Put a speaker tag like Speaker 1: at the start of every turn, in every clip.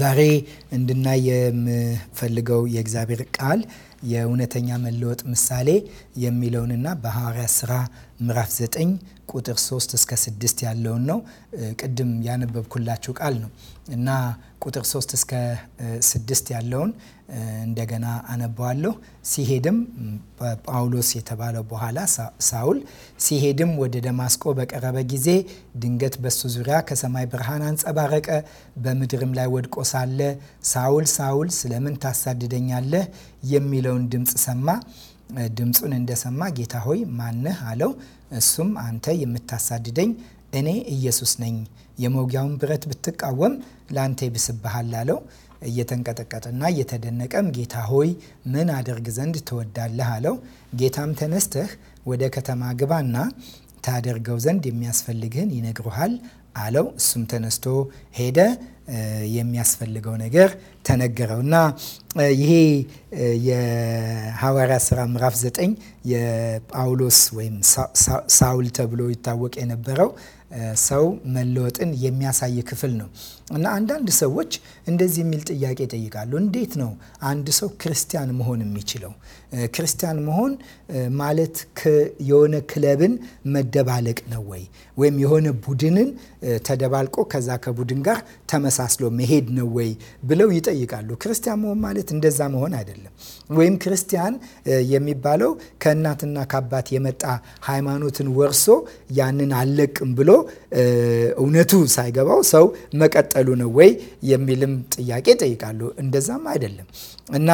Speaker 1: ዛሬ እንድናይ የምፈልገው የእግዚአብሔር ቃል የእውነተኛ መለወጥ ምሳሌ የሚለውንና በሐዋርያ ስራ ምዕራፍ 9 ቁጥር 3 እስከ 6 ያለውን ነው። ቅድም ያነበብኩላችሁ ቃል ነው እና ቁጥር 3 እስከ 6 ያለውን እንደገና አነበዋለሁ። ሲሄድም ጳውሎስ የተባለው በኋላ ሳውል ሲሄድም ወደ ደማስቆ በቀረበ ጊዜ ድንገት በሱ ዙሪያ ከሰማይ ብርሃን አንጸባረቀ። በምድርም ላይ ወድቆ ሳለ ሳውል ሳውል ስለምን ታሳድደኛለህ የሚለው የሚለውን ድምፅ ሰማ። ድምፁን እንደሰማ ጌታ ሆይ ማንህ አለው። እሱም አንተ የምታሳድደኝ እኔ ኢየሱስ ነኝ፣ የመውጊያውን ብረት ብትቃወም ለአንተ ይብስብሃል አለው። እየተንቀጠቀጠና እየተደነቀም ጌታ ሆይ ምን አደርግ ዘንድ ትወዳለህ አለው። ጌታም ተነስተህ ወደ ከተማ ግባና ታደርገው ዘንድ የሚያስፈልግህን ይነግሩሃል፣ አለው። እሱም ተነስቶ ሄደ። የሚያስፈልገው ነገር ተነገረው እና ይሄ የሐዋርያ ስራ ምዕራፍ ዘጠኝ የጳውሎስ ወይም ሳውል ተብሎ ይታወቅ የነበረው ሰው መለወጥን የሚያሳይ ክፍል ነው። እና አንዳንድ ሰዎች እንደዚህ የሚል ጥያቄ ይጠይቃሉ። እንዴት ነው አንድ ሰው ክርስቲያን መሆን የሚችለው? ክርስቲያን መሆን ማለት የሆነ ክለብን መደባለቅ ነው ወይ? ወይም የሆነ ቡድንን ተደባልቆ ከዛ ከቡድን ጋር ተመሳስሎ መሄድ ነው ወይ ብለው ይጠይቃሉ። ክርስቲያን መሆን ማለት እንደዛ መሆን አይደለም። ወይም ክርስቲያን የሚባለው ከእናትና ከአባት የመጣ ሃይማኖትን ወርሶ ያንን አልለቅም ብሎ እውነቱ ሳይገባው ሰው መቀጠል እየቀጠሉ ነው ወይ የሚልም ጥያቄ ጠይቃሉ። እንደዛም አይደለም እና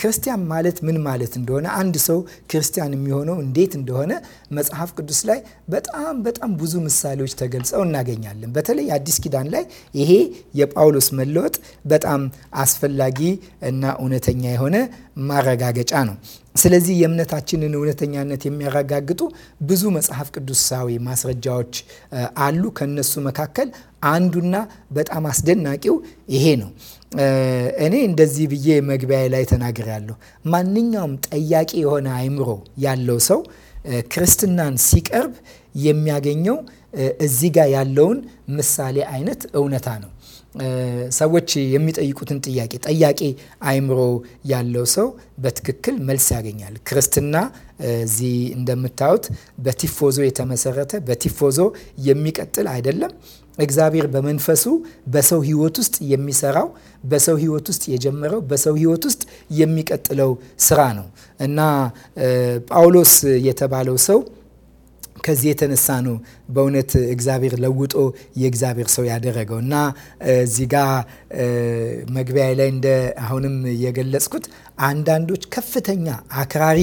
Speaker 1: ክርስቲያን ማለት ምን ማለት እንደሆነ አንድ ሰው ክርስቲያን የሚሆነው እንዴት እንደሆነ መጽሐፍ ቅዱስ ላይ በጣም በጣም ብዙ ምሳሌዎች ተገልጸው እናገኛለን። በተለይ አዲስ ኪዳን ላይ ይሄ የጳውሎስ መለወጥ በጣም አስፈላጊ እና እውነተኛ የሆነ ማረጋገጫ ነው። ስለዚህ የእምነታችንን እውነተኛነት የሚያረጋግጡ ብዙ መጽሐፍ ቅዱሳዊ ማስረጃዎች አሉ። ከነሱ መካከል አንዱና በጣም አስደናቂው ይሄ ነው። እኔ እንደዚህ ብዬ መግቢያ ላይ ተናግሬያለሁ። ማንኛውም ጠያቂ የሆነ አእምሮ ያለው ሰው ክርስትናን ሲቀርብ የሚያገኘው እዚህ ጋር ያለውን ምሳሌ አይነት እውነታ ነው። ሰዎች የሚጠይቁትን ጥያቄ ጠያቂ አእምሮ ያለው ሰው በትክክል መልስ ያገኛል። ክርስትና እዚህ እንደምታዩት በቲፎዞ የተመሰረተ በቲፎዞ የሚቀጥል አይደለም። እግዚአብሔር በመንፈሱ በሰው ህይወት ውስጥ የሚሰራው በሰው ህይወት ውስጥ የጀመረው በሰው ህይወት ውስጥ የሚቀጥለው ስራ ነው እና ጳውሎስ የተባለው ሰው ከዚህ የተነሳ ነው በእውነት እግዚአብሔር ለውጦ የእግዚአብሔር ሰው ያደረገው እና እዚህ ጋ መግቢያ ላይ እንደ አሁንም የገለጽኩት አንዳንዶች ከፍተኛ አክራሪ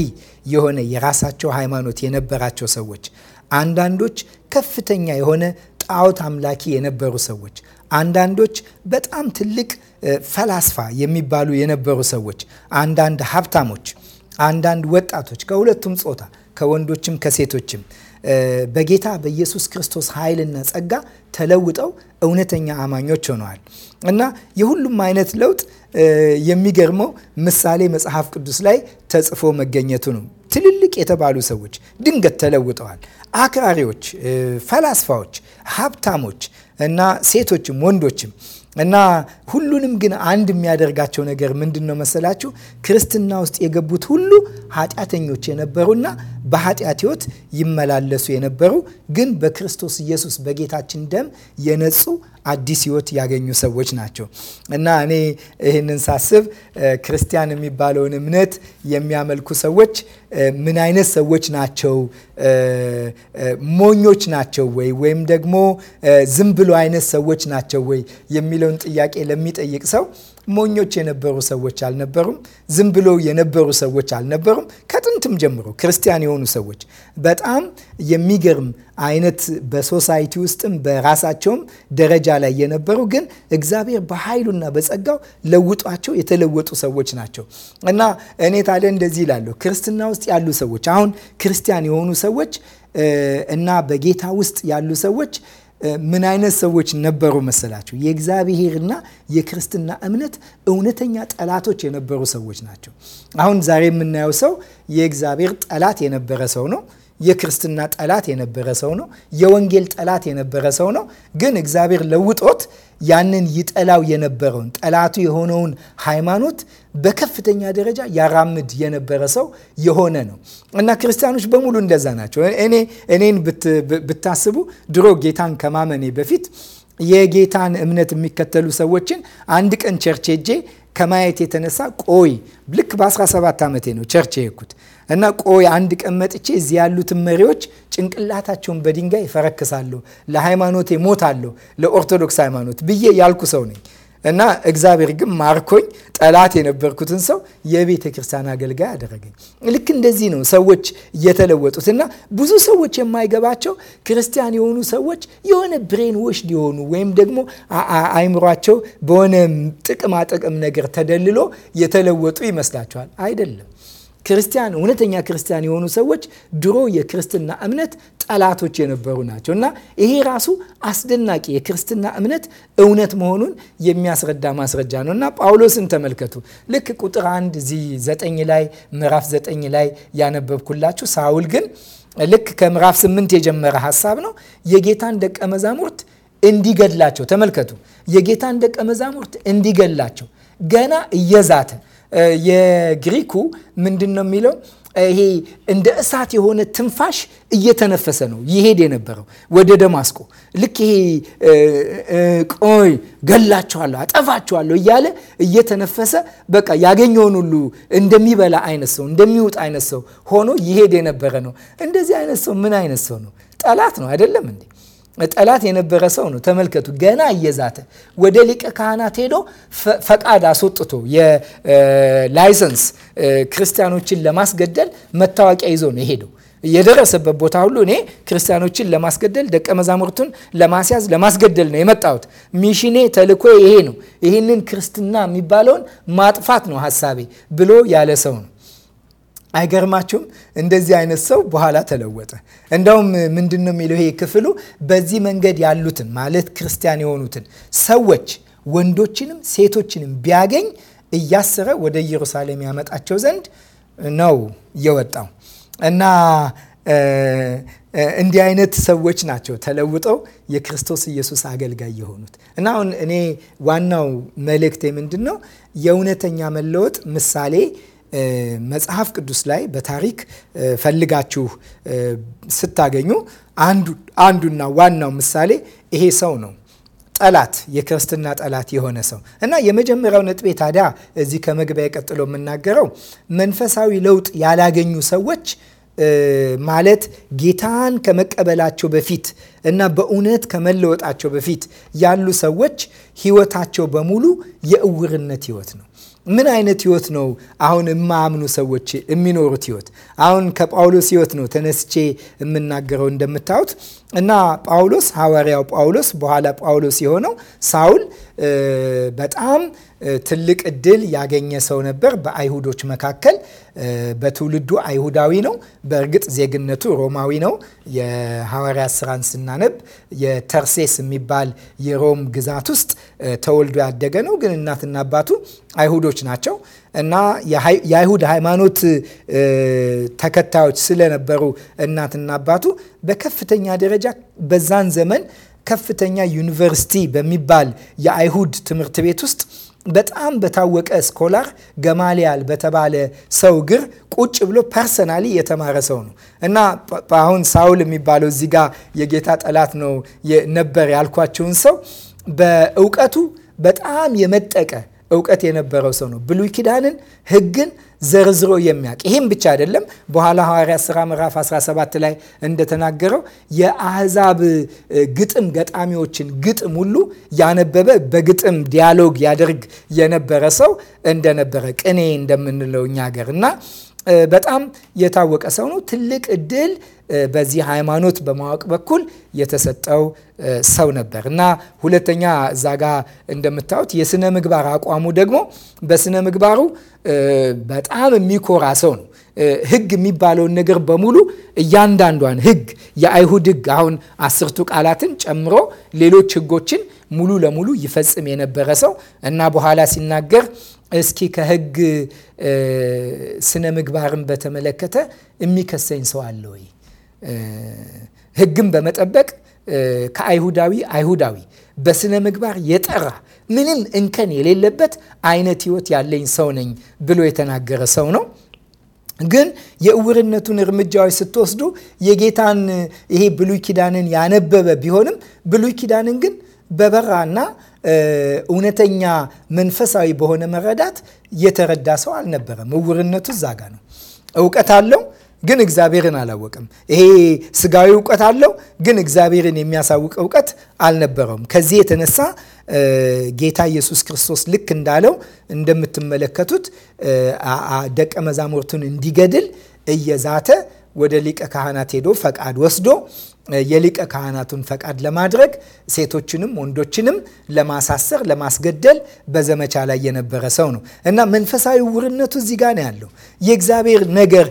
Speaker 1: የሆነ የራሳቸው ሃይማኖት የነበራቸው ሰዎች አንዳንዶች ከፍተኛ የሆነ ጣዖት አምላኪ የነበሩ ሰዎች፣ አንዳንዶች በጣም ትልቅ ፈላስፋ የሚባሉ የነበሩ ሰዎች፣ አንዳንድ ሀብታሞች፣ አንዳንድ ወጣቶች ከሁለቱም ጾታ ከወንዶችም ከሴቶችም በጌታ በኢየሱስ ክርስቶስ ኃይልና ጸጋ ተለውጠው እውነተኛ አማኞች ሆነዋል እና የሁሉም አይነት ለውጥ የሚገርመው ምሳሌ መጽሐፍ ቅዱስ ላይ ተጽፎ መገኘቱ ነው። ትልልቅ የተባሉ ሰዎች ድንገት ተለውጠዋል። አክራሪዎች፣ ፈላስፋዎች፣ ሀብታሞች እና ሴቶችም ወንዶችም እና ሁሉንም ግን አንድ የሚያደርጋቸው ነገር ምንድን ነው መሰላችሁ? ክርስትና ውስጥ የገቡት ሁሉ ኃጢአተኞች የነበሩና በኃጢአት ህይወት ይመላለሱ የነበሩ ግን በክርስቶስ ኢየሱስ በጌታችን ደም የነጹ አዲስ ህይወት ያገኙ ሰዎች ናቸው እና እኔ ይህንን ሳስብ ክርስቲያን የሚባለውን እምነት የሚያመልኩ ሰዎች ምን አይነት ሰዎች ናቸው? ሞኞች ናቸው ወይ ወይም ደግሞ ዝም ብሎ አይነት ሰዎች ናቸው ወይ የሚለውን ጥያቄ ለሚጠይቅ ሰው ሞኞች የነበሩ ሰዎች አልነበሩም። ዝም ብሎ የነበሩ ሰዎች አልነበሩም። ከጥንትም ጀምሮ ክርስቲያን የሆኑ ሰዎች በጣም የሚገርም አይነት በሶሳይቲ ውስጥም በራሳቸውም ደረጃ ላይ የነበሩ ግን እግዚአብሔር በኃይሉና በጸጋው ለውጧቸው የተለወጡ ሰዎች ናቸው እና እኔ ታዲያ እንደዚህ ይላለሁ። ክርስትና ውስጥ ያሉ ሰዎች አሁን ክርስቲያን የሆኑ ሰዎች እና በጌታ ውስጥ ያሉ ሰዎች ምን አይነት ሰዎች ነበሩ መሰላችሁ? የእግዚአብሔርና የክርስትና እምነት እውነተኛ ጠላቶች የነበሩ ሰዎች ናቸው። አሁን ዛሬ የምናየው ሰው የእግዚአብሔር ጠላት የነበረ ሰው ነው። የክርስትና ጠላት የነበረ ሰው ነው። የወንጌል ጠላት የነበረ ሰው ነው። ግን እግዚአብሔር ለውጦት ያንን ይጠላው የነበረውን ጠላቱ የሆነውን ሃይማኖት በከፍተኛ ደረጃ ያራምድ የነበረ ሰው የሆነ ነው እና ክርስቲያኖች በሙሉ እንደዛ ናቸው። እኔ እኔን ብታስቡ ድሮ ጌታን ከማመኔ በፊት የጌታን እምነት የሚከተሉ ሰዎችን አንድ ቀን ቸርች ሄጄ ከማየት የተነሳ ቆይ ልክ በ17 ዓመቴ ነው ቸርች የሄድኩት እና ቆይ አንድ ቀን መጥቼ እዚህ ያሉትን መሪዎች ጭንቅላታቸውን በድንጋይ ይፈረክሳሉ ለሃይማኖቴ እሞታለሁ፣ ለኦርቶዶክስ ሃይማኖት ብዬ ያልኩ ሰው ነኝ እና እግዚአብሔር ግን ማርኮኝ ጠላት የነበርኩትን ሰው የቤተ ክርስቲያን አገልጋይ አደረገኝ። ልክ እንደዚህ ነው ሰዎች እየተለወጡት እና ብዙ ሰዎች የማይገባቸው ክርስቲያን የሆኑ ሰዎች የሆነ ብሬን ወሽ ሊሆኑ ወይም ደግሞ አይምሯቸው በሆነ ጥቅማጥቅም ነገር ተደልሎ የተለወጡ ይመስላቸዋል። አይደለም። ክርስቲያን እውነተኛ ክርስቲያን የሆኑ ሰዎች ድሮ የክርስትና እምነት ጠላቶች የነበሩ ናቸው እና ይሄ ራሱ አስደናቂ የክርስትና እምነት እውነት መሆኑን የሚያስረዳ ማስረጃ ነው እና ጳውሎስን ተመልከቱ። ልክ ቁጥር አንድ እዚህ ዘጠኝ ላይ ምዕራፍ ዘጠኝ ላይ ያነበብኩላችሁ ሳውል ግን ልክ ከምዕራፍ ስምንት የጀመረ ሀሳብ ነው የጌታን ደቀ መዛሙርት እንዲገድላቸው ተመልከቱ። የጌታን ደቀ መዛሙርት እንዲገድላቸው ገና እየዛተ የግሪኩ ምንድን ነው የሚለው ይሄ እንደ እሳት የሆነ ትንፋሽ እየተነፈሰ ነው ይሄድ የነበረው ወደ ደማስቆ። ልክ ይሄ ቆይ ገላችኋለሁ፣ አጠፋችኋለሁ እያለ እየተነፈሰ በቃ ያገኘውን ሁሉ እንደሚበላ አይነት ሰው፣ እንደሚውጥ አይነት ሰው ሆኖ ይሄድ የነበረ ነው። እንደዚህ አይነት ሰው ምን አይነት ሰው ነው? ጠላት ነው አይደለም እንዴ? ጠላት የነበረ ሰው ነው። ተመልከቱ፣ ገና እየዛተ ወደ ሊቀ ካህናት ሄዶ ፈቃድ አስወጥቶ የላይሰንስ ክርስቲያኖችን ለማስገደል መታወቂያ ይዞ ነው የሄደው። የደረሰበት ቦታ ሁሉ እኔ ክርስቲያኖችን ለማስገደል ደቀ መዛሙርቱን ለማስያዝ ለማስገደል ነው የመጣሁት። ሚሽኔ ተልኮ ይሄ ነው፣ ይህንን ክርስትና የሚባለውን ማጥፋት ነው ሀሳቤ ብሎ ያለ ሰው ነው። አይገርማችሁም? እንደዚህ አይነት ሰው በኋላ ተለወጠ። እንደውም ምንድን ነው የሚለው ይሄ ክፍሉ በዚህ መንገድ ያሉትን ማለት ክርስቲያን የሆኑትን ሰዎች ወንዶችንም ሴቶችንም ቢያገኝ እያሰረ ወደ ኢየሩሳሌም ያመጣቸው ዘንድ ነው የወጣው እና እንዲህ አይነት ሰዎች ናቸው ተለውጠው የክርስቶስ ኢየሱስ አገልጋይ የሆኑት እና አሁን እኔ ዋናው መልእክቴ ምንድን ነው የእውነተኛ መለወጥ ምሳሌ መጽሐፍ ቅዱስ ላይ በታሪክ ፈልጋችሁ ስታገኙ አንዱና ዋናው ምሳሌ ይሄ ሰው ነው። ጠላት የክርስትና ጠላት የሆነ ሰው እና የመጀመሪያው ነጥቤ ታዲያ እዚህ ከመግቢያ ቀጥሎ የምናገረው መንፈሳዊ ለውጥ ያላገኙ ሰዎች ማለት ጌታን ከመቀበላቸው በፊት እና በእውነት ከመለወጣቸው በፊት ያሉ ሰዎች ህይወታቸው በሙሉ የእውርነት ህይወት ነው። ምን አይነት ህይወት ነው አሁን የማያምኑ ሰዎች የሚኖሩት ህይወት? አሁን ከጳውሎስ ህይወት ነው ተነስቼ የምናገረው እንደምታዩት እና ጳውሎስ ሐዋርያው ጳውሎስ በኋላ ጳውሎስ የሆነው ሳውል በጣም ትልቅ እድል ያገኘ ሰው ነበር በአይሁዶች መካከል በትውልዱ አይሁዳዊ ነው። በእርግጥ ዜግነቱ ሮማዊ ነው። የሐዋርያ ስራን ስናነብ የተርሴስ የሚባል የሮም ግዛት ውስጥ ተወልዶ ያደገ ነው። ግን እናትና አባቱ አይሁዶች ናቸው እና የአይሁድ ሃይማኖት ተከታዮች ስለነበሩ እናትና አባቱ በከፍተኛ ደረጃ በዛን ዘመን ከፍተኛ ዩኒቨርሲቲ በሚባል የአይሁድ ትምህርት ቤት ውስጥ በጣም በታወቀ ስኮላር ገማሊያል በተባለ ሰው ግር ቁጭ ብሎ ፐርሰናሊ የተማረ ሰው ነው እና አሁን ሳውል የሚባለው እዚህ ጋር የጌታ ጠላት ነው ነበር ያልኳቸውን ሰው በእውቀቱ በጣም የመጠቀ እውቀት የነበረው ሰው ነው። ብሉይ ኪዳንን፣ ሕግን ዘርዝሮ የሚያውቅ ይህም ብቻ አይደለም። በኋላ ሐዋርያ ሥራ ምዕራፍ 17 ላይ እንደተናገረው የአህዛብ ግጥም ገጣሚዎችን ግጥም ሁሉ ያነበበ በግጥም ዲያሎግ ያደርግ የነበረ ሰው እንደነበረ ቅኔ እንደምንለው እኛ ሀገር እና በጣም የታወቀ ሰው ነው። ትልቅ እድል በዚህ ሃይማኖት በማወቅ በኩል የተሰጠው ሰው ነበር እና ሁለተኛ እዛ ጋ እንደምታዩት የስነ ምግባር አቋሙ ደግሞ በስነ ምግባሩ በጣም የሚኮራ ሰው ነው። ሕግ የሚባለውን ነገር በሙሉ እያንዳንዷን ሕግ የአይሁድ ሕግ አሁን አስርቱ ቃላትን ጨምሮ ሌሎች ሕጎችን ሙሉ ለሙሉ ይፈጽም የነበረ ሰው እና በኋላ ሲናገር እስኪ ከህግ ስነ ምግባርን በተመለከተ የሚከሰኝ ሰው አለ ወይ? ህግን በመጠበቅ ከአይሁዳዊ አይሁዳዊ በስነ ምግባር የጠራ ምንም እንከን የሌለበት አይነት ህይወት ያለኝ ሰው ነኝ ብሎ የተናገረ ሰው ነው። ግን የእውርነቱን እርምጃዎች ስትወስዱ የጌታን ይሄ ብሉይ ኪዳንን ያነበበ ቢሆንም ብሉይ ኪዳንን ግን በበራና እውነተኛ መንፈሳዊ በሆነ መረዳት የተረዳ ሰው አልነበረም። እውርነቱ እዛ ጋ ነው። እውቀት አለው ግን እግዚአብሔርን አላወቅም። ይሄ ስጋዊ እውቀት አለው ግን እግዚአብሔርን የሚያሳውቅ እውቀት አልነበረውም። ከዚህ የተነሳ ጌታ ኢየሱስ ክርስቶስ ልክ እንዳለው እንደምትመለከቱት ደቀ መዛሙርቱን እንዲገድል እየዛተ ወደ ሊቀ ካህናት ሄዶ ፈቃድ ወስዶ የሊቀ ካህናቱን ፈቃድ ለማድረግ ሴቶችንም ወንዶችንም ለማሳሰር ለማስገደል በዘመቻ ላይ የነበረ ሰው ነው እና መንፈሳዊ ውርነቱ እዚህ ጋር ነው ያለው። የእግዚአብሔር ነገር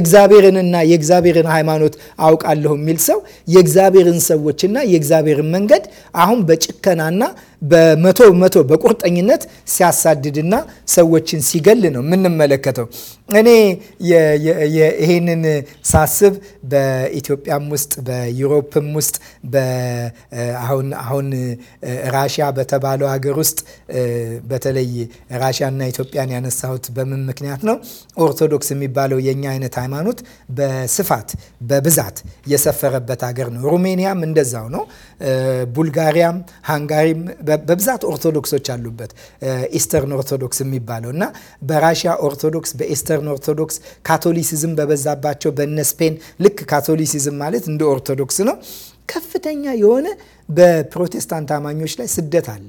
Speaker 1: እግዚአብሔርንና የእግዚአብሔርን ሃይማኖት አውቃለሁ የሚል ሰው የእግዚአብሔርን ሰዎችና የእግዚአብሔርን መንገድ አሁን በጭከናና በመቶ መቶ በቁርጠኝነት ሲያሳድድና ሰዎችን ሲገል ነው የምንመለከተው። እኔ ይሄንን ሳስብ በኢትዮጵያም ውስጥ በዩሮፕም ውስጥ አሁን አሁን ራሽያ በተባለው ሀገር ውስጥ በተለይ ራሽያና ኢትዮጵያን ያነሳሁት በምን ምክንያት ነው? ኦርቶዶክስ የሚባለው የኛ አይነት ሃይማኖት በስፋት በብዛት የሰፈረበት ሀገር ነው። ሩሜኒያም እንደዛው ነው። ቡልጋሪያም፣ ሃንጋሪም በብዛት ኦርቶዶክሶች አሉበት ኢስተርን ኦርቶዶክስ የሚባለው እና በራሽያ ኦርቶዶክስ በኢስተር ሞደርን ኦርቶዶክስ ካቶሊሲዝም በበዛባቸው በነ ስፔን ልክ ካቶሊሲዝም ማለት እንደ ኦርቶዶክስ ነው። ከፍተኛ የሆነ በፕሮቴስታንት አማኞች ላይ ስደት አለ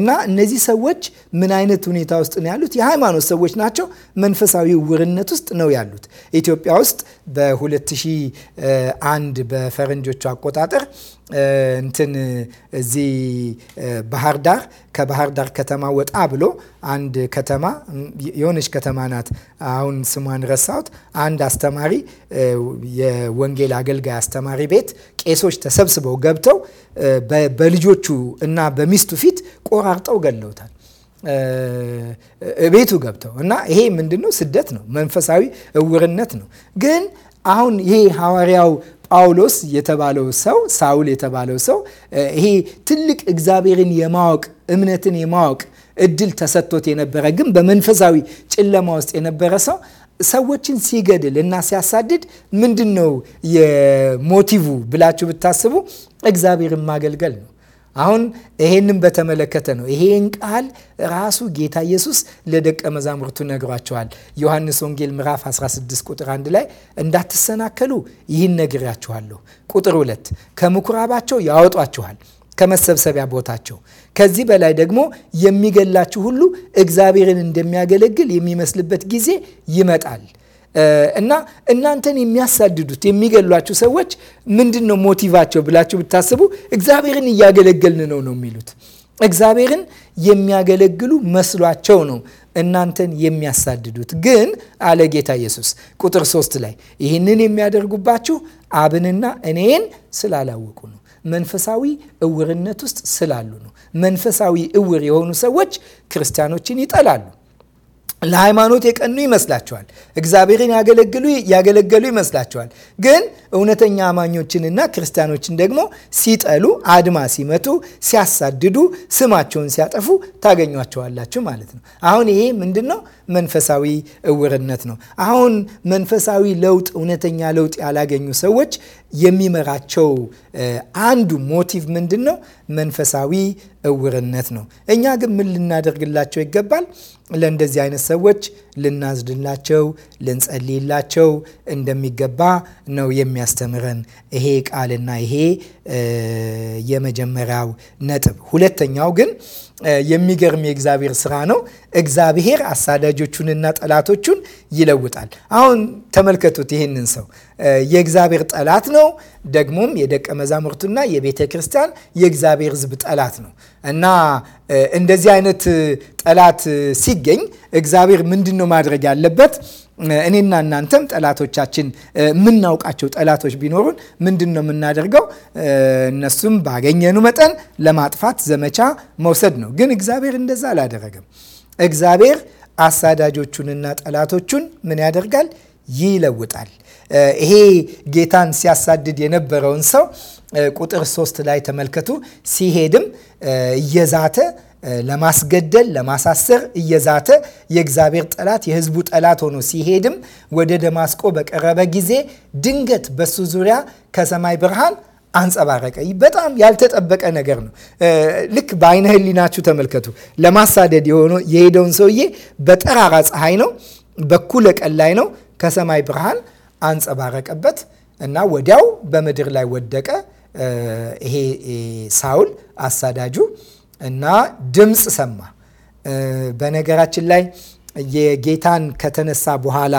Speaker 1: እና እነዚህ ሰዎች ምን አይነት ሁኔታ ውስጥ ነው ያሉት? የሃይማኖት ሰዎች ናቸው። መንፈሳዊ ውርነት ውስጥ ነው ያሉት። ኢትዮጵያ ውስጥ በ2001 በፈረንጆቹ አቆጣጠር እንትን እዚህ ባህር ዳር ከባህር ዳር ከተማ ወጣ ብሎ አንድ ከተማ የሆነች ከተማ ናት። አሁን ስሟን ረሳሁት። አንድ አስተማሪ የወንጌል አገልጋይ አስተማሪ ቤት ቄሶች ተሰብስበው ገብተው በልጆቹ እና በሚስቱ ፊት ቆራርጠው ገለውታል። ቤቱ ገብተው እና ይሄ ምንድን ነው? ስደት ነው። መንፈሳዊ እውርነት ነው። ግን አሁን ይሄ ሐዋርያው ጳውሎስ የተባለው ሰው ሳውል የተባለው ሰው ይሄ ትልቅ እግዚአብሔርን የማወቅ እምነትን የማወቅ እድል ተሰጥቶት የነበረ ግን በመንፈሳዊ ጨለማ ውስጥ የነበረ ሰው ሰዎችን ሲገድል እና ሲያሳድድ ምንድን ነው የሞቲቭ ብላችሁ ብታስቡ እግዚአብሔርን ማገልገል ነው። አሁን ይሄንም በተመለከተ ነው። ይሄን ቃል ራሱ ጌታ ኢየሱስ ለደቀ መዛሙርቱ ነግሯቸዋል። ዮሐንስ ወንጌል ምዕራፍ 16 ቁጥር 1 ላይ እንዳትሰናከሉ ይህን ነግሬያችኋለሁ። ቁጥር 2 ከምኩራባቸው ያወጧችኋል ከመሰብሰቢያ ቦታቸው። ከዚህ በላይ ደግሞ የሚገላችሁ ሁሉ እግዚአብሔርን እንደሚያገለግል የሚመስልበት ጊዜ ይመጣል። እና እናንተን የሚያሳድዱት የሚገሏችሁ ሰዎች ምንድን ነው ሞቲቫቸው ብላችሁ ብታስቡ እግዚአብሔርን እያገለገልን ነው ነው የሚሉት። እግዚአብሔርን የሚያገለግሉ መስሏቸው ነው እናንተን የሚያሳድዱት። ግን አለ ጌታ ኢየሱስ ቁጥር ሶስት ላይ ይህንን የሚያደርጉባችሁ አብንና እኔን ስላላወቁ ነው መንፈሳዊ እውርነት ውስጥ ስላሉ ነው። መንፈሳዊ እውር የሆኑ ሰዎች ክርስቲያኖችን ይጠላሉ። ለሃይማኖት የቀኑ ይመስላቸዋል። እግዚአብሔርን ያገለግሉ ያገለገሉ ይመስላቸዋል። ግን እውነተኛ አማኞችንና ክርስቲያኖችን ደግሞ ሲጠሉ፣ አድማ ሲመቱ፣ ሲያሳድዱ፣ ስማቸውን ሲያጠፉ ታገኟቸዋላችሁ ማለት ነው። አሁን ይሄ ምንድን ነው? መንፈሳዊ እውርነት ነው። አሁን መንፈሳዊ ለውጥ፣ እውነተኛ ለውጥ ያላገኙ ሰዎች የሚመራቸው አንዱ ሞቲቭ ምንድን ነው? መንፈሳዊ እውርነት ነው። እኛ ግን ምን ልናደርግላቸው ይገባል? ለእንደዚህ አይነት ሰዎች ልናዝድላቸው፣ ልንጸልይላቸው እንደሚገባ ነው የሚያስተምረን ይሄ ቃልና ይሄ የመጀመሪያው ነጥብ። ሁለተኛው ግን የሚገርም የእግዚአብሔር ስራ ነው። እግዚአብሔር አሳዳጆቹንና ጠላቶቹን ይለውጣል። አሁን ተመልከቱት። ይህንን ሰው የእግዚአብሔር ጠላት ነው ደግሞም የደቀ መዛሙርቱና የቤተ ክርስቲያን የእግዚአብሔር ሕዝብ ጠላት ነው እና እንደዚህ አይነት ጠላት ሲገኝ እግዚአብሔር ምንድን ነው ማድረግ ያለበት? እኔና እናንተም ጠላቶቻችን የምናውቃቸው ጠላቶች ቢኖሩን ምንድን ነው የምናደርገው? እነሱም ባገኘኑ መጠን ለማጥፋት ዘመቻ መውሰድ ነው። ግን እግዚአብሔር እንደዛ አላደረገም። እግዚአብሔር አሳዳጆቹንና ጠላቶቹን ምን ያደርጋል? ይለውጣል። ይሄ ጌታን ሲያሳድድ የነበረውን ሰው ቁጥር ሶስት ላይ ተመልከቱ። ሲሄድም እየዛተ ለማስገደል ለማሳሰር እየዛተ የእግዚአብሔር ጠላት የሕዝቡ ጠላት ሆኖ ሲሄድም ወደ ደማስቆ በቀረበ ጊዜ ድንገት በሱ ዙሪያ ከሰማይ ብርሃን አንጸባረቀ። በጣም ያልተጠበቀ ነገር ነው። ልክ በአይነ ሕሊናችሁ ተመልከቱ። ለማሳደድ የሄደውን ሰውዬ በጠራራ ፀሐይ ነው፣ በኩለ ቀን ላይ ነው ከሰማይ ብርሃን አንጸባረቀበት እና ወዲያው በምድር ላይ ወደቀ። ይሄ ሳውል አሳዳጁ እና ድምፅ ሰማ። በነገራችን ላይ የጌታን ከተነሳ በኋላ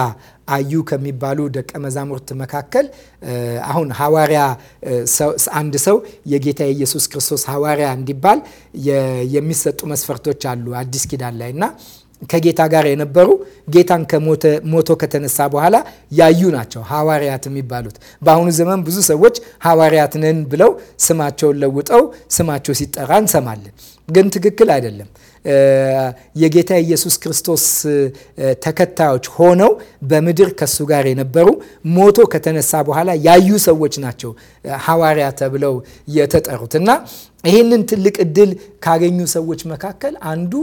Speaker 1: አዩ ከሚባሉ ደቀ መዛሙርት መካከል አሁን ሐዋርያ አንድ ሰው የጌታ የኢየሱስ ክርስቶስ ሐዋርያ እንዲባል የሚሰጡ መስፈርቶች አሉ አዲስ ኪዳን ላይ እና ከጌታ ጋር የነበሩ ጌታን ሞቶ ከተነሳ በኋላ ያዩ ናቸው ሐዋርያት የሚባሉት። በአሁኑ ዘመን ብዙ ሰዎች ሐዋርያት ነን ብለው ስማቸውን ለውጠው ስማቸው ሲጠራ እንሰማለን። ግን ትክክል አይደለም። የጌታ ኢየሱስ ክርስቶስ ተከታዮች ሆነው በምድር ከሱ ጋር የነበሩ ሞቶ ከተነሳ በኋላ ያዩ ሰዎች ናቸው ሐዋርያ ተብለው የተጠሩት እና ይህንን ትልቅ እድል ካገኙ ሰዎች መካከል አንዱ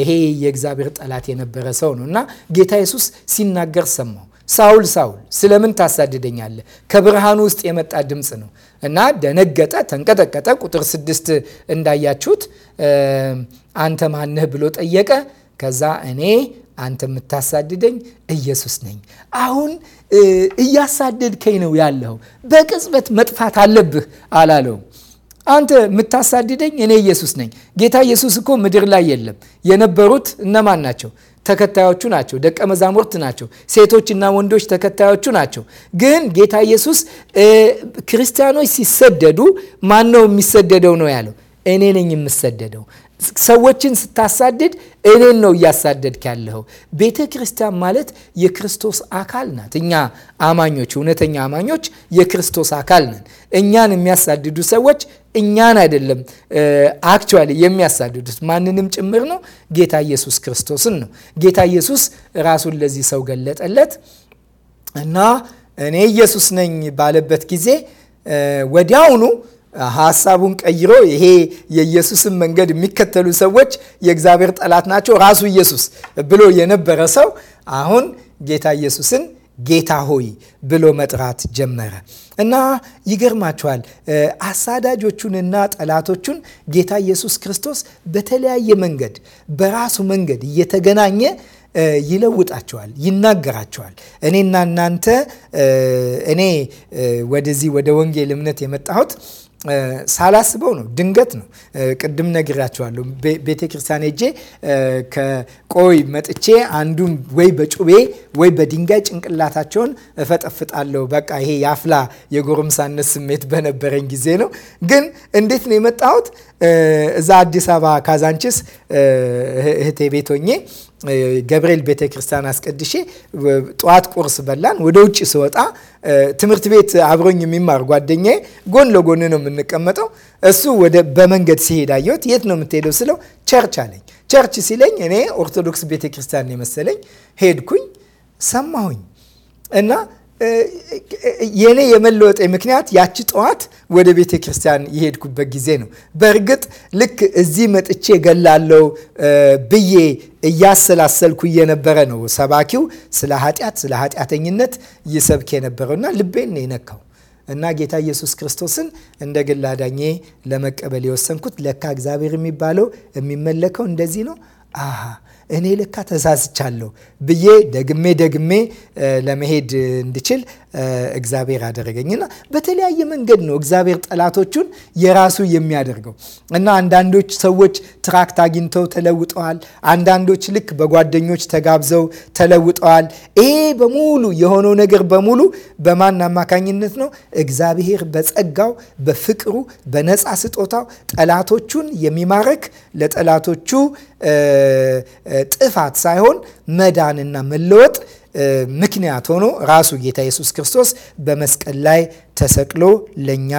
Speaker 1: ይሄ የእግዚአብሔር ጠላት የነበረ ሰው ነው እና ጌታ ኢየሱስ ሲናገር ሰማው። ሳውል ሳውል ስለምን ታሳድደኛለ? ከብርሃኑ ውስጥ የመጣ ድምፅ ነው እና ደነገጠ፣ ተንቀጠቀጠ። ቁጥር ስድስት እንዳያችሁት አንተ ማንህ ብሎ ጠየቀ። ከዛ እኔ አንተ የምታሳድደኝ ኢየሱስ ነኝ። አሁን እያሳደድከኝ ነው ያለው። በቅጽበት መጥፋት አለብህ አላለውም አንተ የምታሳድደኝ እኔ ኢየሱስ ነኝ። ጌታ ኢየሱስ እኮ ምድር ላይ የለም። የነበሩት እነማን ናቸው? ተከታዮቹ ናቸው። ደቀ መዛሙርት ናቸው። ሴቶችና ወንዶች ተከታዮቹ ናቸው። ግን ጌታ ኢየሱስ ክርስቲያኖች ሲሰደዱ ማን ነው የሚሰደደው ነው ያለው። እኔ ነኝ የምሰደደው። ሰዎችን ስታሳድድ እኔን ነው እያሳደድክ ያለኸው። ቤተ ክርስቲያን ማለት የክርስቶስ አካል ናት። እኛ አማኞች፣ እውነተኛ አማኞች የክርስቶስ አካል ነን። እኛን የሚያሳድዱ ሰዎች እኛን አይደለም አክቹዋሊ የሚያሳድዱት ማንንም ጭምር ነው። ጌታ ኢየሱስ ክርስቶስን ነው። ጌታ ኢየሱስ ራሱን ለዚህ ሰው ገለጠለት እና እኔ ኢየሱስ ነኝ ባለበት ጊዜ ወዲያውኑ ሀሳቡን ቀይሮ ይሄ የኢየሱስን መንገድ የሚከተሉ ሰዎች የእግዚአብሔር ጠላት ናቸው ራሱ ኢየሱስ ብሎ የነበረ ሰው አሁን ጌታ ኢየሱስን ጌታ ሆይ ብሎ መጥራት ጀመረ። እና ይገርማቸዋል አሳዳጆቹንና ጠላቶቹን ጌታ ኢየሱስ ክርስቶስ በተለያየ መንገድ በራሱ መንገድ እየተገናኘ ይለውጣቸዋል፣ ይናገራቸዋል። እኔና እናንተ እኔ ወደዚህ ወደ ወንጌል እምነት የመጣሁት ሳላስበው ነው፣ ድንገት ነው። ቅድም ነግራቸዋለሁ። ቤተ ክርስቲያን ሄጄ ከቆይ መጥቼ አንዱን ወይ በጩቤ ወይ በድንጋይ ጭንቅላታቸውን እፈጠፍጣለሁ። በቃ ይሄ የአፍላ የጎረምሳነት ስሜት በነበረኝ ጊዜ ነው። ግን እንዴት ነው የመጣሁት? እዛ አዲስ አበባ ካዛንችስ እህቴ ቤት ሆኜ ገብርኤል ቤተ ክርስቲያን አስቀድሼ ጠዋት ቁርስ በላን። ወደ ውጭ ስወጣ ትምህርት ቤት አብሮኝ የሚማር ጓደኛዬ ጎን ለጎን ነው የምንቀመጠው። እሱ ወደ በመንገድ ሲሄድ አየሁት። የት ነው የምትሄደው ስለው ቸርች አለኝ። ቸርች ሲለኝ እኔ ኦርቶዶክስ ቤተ ክርስቲያን የመሰለኝ ሄድኩኝ፣ ሰማሁኝ እና የኔ የመለወጤ ምክንያት ያቺ ጠዋት ወደ ቤተ ክርስቲያን የሄድኩበት ጊዜ ነው። በእርግጥ ልክ እዚህ መጥቼ ገላለው ብዬ እያሰላሰልኩ እየነበረ ነው ሰባኪው ስለ ኃጢአት፣ ስለ ኃጢአተኝነት ይሰብክ የነበረው እና ልቤን ነው የነካው እና ጌታ ኢየሱስ ክርስቶስን እንደ ግል ለመቀበል የወሰንኩት ለካ እግዚአብሔር የሚባለው የሚመለከው እንደዚህ ነው። እኔ ለካ ተዛዝቻለሁ ብዬ ደግሜ ደግሜ ለመሄድ እንድችል እግዚአብሔር አደረገኝ እና በተለያየ መንገድ ነው እግዚአብሔር ጠላቶቹን የራሱ የሚያደርገው እና አንዳንዶች ሰዎች ትራክት አግኝተው ተለውጠዋል። አንዳንዶች ልክ በጓደኞች ተጋብዘው ተለውጠዋል። ይሄ በሙሉ የሆነው ነገር በሙሉ በማን አማካኝነት ነው? እግዚአብሔር በጸጋው በፍቅሩ በነፃ ስጦታው ጠላቶቹን የሚማረክ ለጠላቶቹ ጥፋት ሳይሆን መዳንና መለወጥ ምክንያት ሆኖ ራሱ ጌታ ኢየሱስ ክርስቶስ በመስቀል ላይ ተሰቅሎ ለእኛ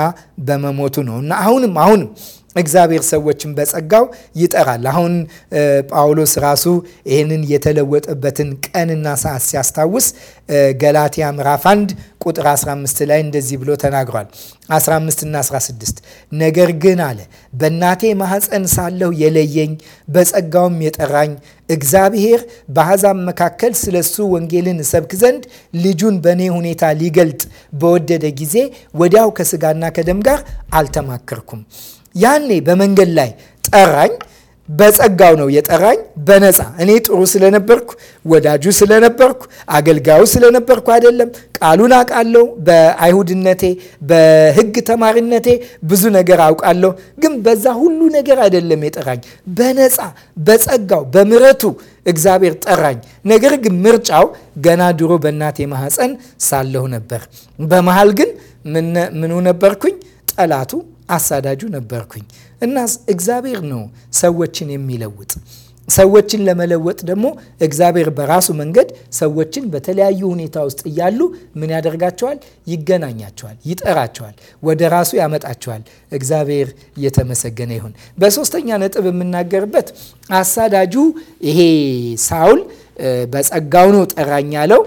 Speaker 1: በመሞቱ ነው እና አሁንም አሁንም እግዚአብሔር ሰዎችን በጸጋው ይጠራል። አሁን ጳውሎስ ራሱ ይህንን የተለወጠበትን ቀንና ሰዓት ሲያስታውስ ገላትያ ምዕራፍ 1 ቁጥር 15 ላይ እንደዚህ ብሎ ተናግሯል። 15 እና 16 ነገር ግን አለ በእናቴ ማህፀን ሳለሁ የለየኝ በጸጋውም የጠራኝ እግዚአብሔር በአሕዛብ መካከል ስለ እሱ ወንጌልን እሰብክ ዘንድ ልጁን በእኔ ሁኔታ ሊገልጥ በወደደ ጊዜ ወዲያው ከስጋና ከደም ጋር አልተማከርኩም ያኔ በመንገድ ላይ ጠራኝ። በጸጋው ነው የጠራኝ፣ በነፃ እኔ ጥሩ ስለነበርኩ ወዳጁ ስለነበርኩ አገልጋዩ ስለነበርኩ አይደለም። ቃሉን አውቃለሁ። በአይሁድነቴ በሕግ ተማሪነቴ ብዙ ነገር አውቃለሁ። ግን በዛ ሁሉ ነገር አይደለም የጠራኝ። በነፃ በጸጋው በምረቱ እግዚአብሔር ጠራኝ። ነገር ግን ምርጫው ገና ድሮ በእናቴ ማህፀን ሳለሁ ነበር። በመሃል ግን ምኑ ነበርኩኝ? ጠላቱ አሳዳጁ ነበርኩኝ እና እግዚአብሔር ነው ሰዎችን የሚለውጥ። ሰዎችን ለመለወጥ ደግሞ እግዚአብሔር በራሱ መንገድ ሰዎችን በተለያዩ ሁኔታ ውስጥ እያሉ ምን ያደርጋቸዋል? ይገናኛቸዋል፣ ይጠራቸዋል፣ ወደ ራሱ ያመጣቸዋል። እግዚአብሔር የተመሰገነ ይሁን። በሶስተኛ ነጥብ የምናገርበት አሳዳጁ ይሄ ሳውል በጸጋው ነው ጠራኝ ያለው፣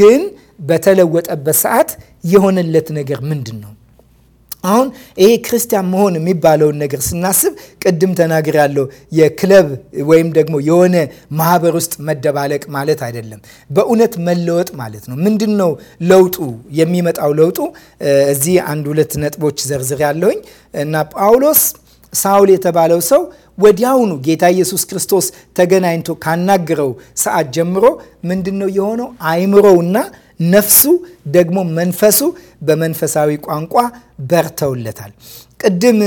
Speaker 1: ግን በተለወጠበት ሰዓት የሆነለት ነገር ምንድን ነው? አሁን ይሄ ክርስቲያን መሆን የሚባለውን ነገር ስናስብ ቅድም ተናግር ያለው የክለብ ወይም ደግሞ የሆነ ማህበር ውስጥ መደባለቅ ማለት አይደለም። በእውነት መለወጥ ማለት ነው። ምንድን ነው ለውጡ? የሚመጣው ለውጡ እዚህ አንድ ሁለት ነጥቦች ዘርዝር ያለውኝ እና ጳውሎስ ሳውል የተባለው ሰው ወዲያውኑ ጌታ ኢየሱስ ክርስቶስ ተገናኝቶ ካናገረው ሰዓት ጀምሮ ምንድን ነው የሆነው? አይምሮውና ነፍሱ ደግሞ መንፈሱ በመንፈሳዊ ቋንቋ በርተውለታል። ቅድም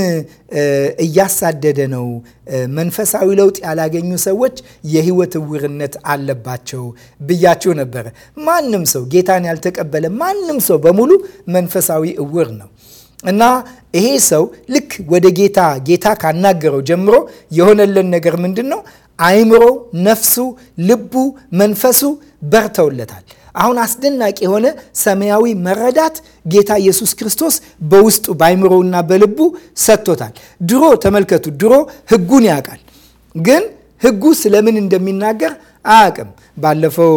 Speaker 1: እያሳደደ ነው። መንፈሳዊ ለውጥ ያላገኙ ሰዎች የህይወት እውርነት አለባቸው ብያችሁ ነበረ። ማንም ሰው ጌታን ያልተቀበለ ማንም ሰው በሙሉ መንፈሳዊ እውር ነው እና ይሄ ሰው ልክ ወደ ጌታ ጌታ ካናገረው ጀምሮ የሆነለን ነገር ምንድን ነው? አይምሮ፣ ነፍሱ፣ ልቡ፣ መንፈሱ በርተውለታል። አሁን አስደናቂ የሆነ ሰማያዊ መረዳት ጌታ ኢየሱስ ክርስቶስ በውስጡ በአይምሮውና በልቡ ሰጥቶታል። ድሮ ተመልከቱ፣ ድሮ ህጉን ያውቃል ግን ህጉ ስለምን እንደሚናገር አያውቅም። ባለፈው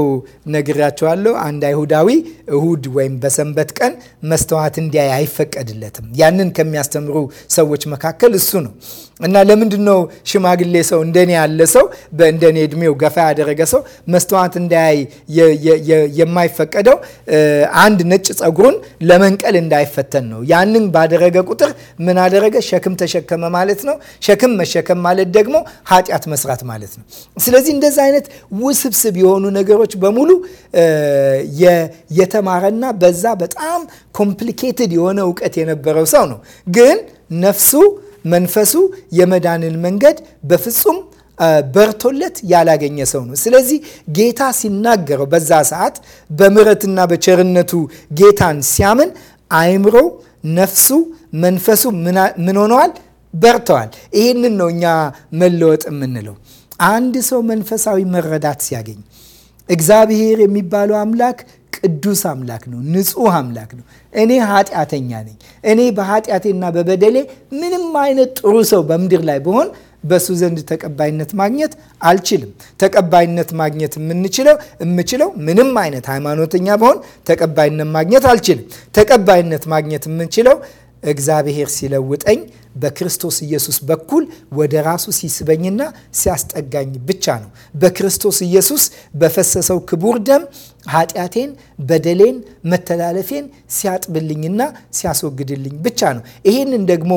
Speaker 1: ነግራቸዋለሁ። አንድ አይሁዳዊ እሁድ ወይም በሰንበት ቀን መስተዋት እንዲያይ አይፈቀድለትም። ያንን ከሚያስተምሩ ሰዎች መካከል እሱ ነው እና ለምንድን ነው ሽማግሌ ሰው እንደኔ ያለ ሰው በእንደኔ እድሜው ገፋ ያደረገ ሰው መስተዋት እንዳያይ የማይፈቀደው? አንድ ነጭ ጸጉሩን ለመንቀል እንዳይፈተን ነው። ያንን ባደረገ ቁጥር ምን አደረገ? ሸክም ተሸከመ ማለት ነው። ሸክም መሸከም ማለት ደግሞ ኃጢአት መስራት ማለት ነው። ስለዚህ እንደዚ አይነት ውስብስብ የሆ የሆኑ ነገሮች በሙሉ የተማረና በዛ በጣም ኮምፕሊኬትድ የሆነ እውቀት የነበረው ሰው ነው። ግን ነፍሱ መንፈሱ የመዳንን መንገድ በፍጹም በርቶለት ያላገኘ ሰው ነው። ስለዚህ ጌታ ሲናገረው በዛ ሰዓት በምሕረትና በቸርነቱ ጌታን ሲያምን አይምሮ፣ ነፍሱ፣ መንፈሱ ምን ሆነዋል? በርተዋል። ይህንን ነው እኛ መለወጥ የምንለው። አንድ ሰው መንፈሳዊ መረዳት ሲያገኝ እግዚአብሔር የሚባለው አምላክ ቅዱስ አምላክ ነው። ንጹህ አምላክ ነው። እኔ ኃጢአተኛ ነኝ። እኔ በኃጢአቴና በበደሌ ምንም አይነት ጥሩ ሰው በምድር ላይ ብሆን በሱ ዘንድ ተቀባይነት ማግኘት አልችልም። ተቀባይነት ማግኘት የምንችለው የምችለው ምንም አይነት ሃይማኖተኛ በሆን ተቀባይነት ማግኘት አልችልም። ተቀባይነት ማግኘት የምንችለው እግዚአብሔር ሲለውጠኝ በክርስቶስ ኢየሱስ በኩል ወደ ራሱ ሲስበኝና ሲያስጠጋኝ ብቻ ነው። በክርስቶስ ኢየሱስ በፈሰሰው ክቡር ደም ኃጢአቴን፣ በደሌን፣ መተላለፌን ሲያጥብልኝና ሲያስወግድልኝ ብቻ ነው። ይህንን ደግሞ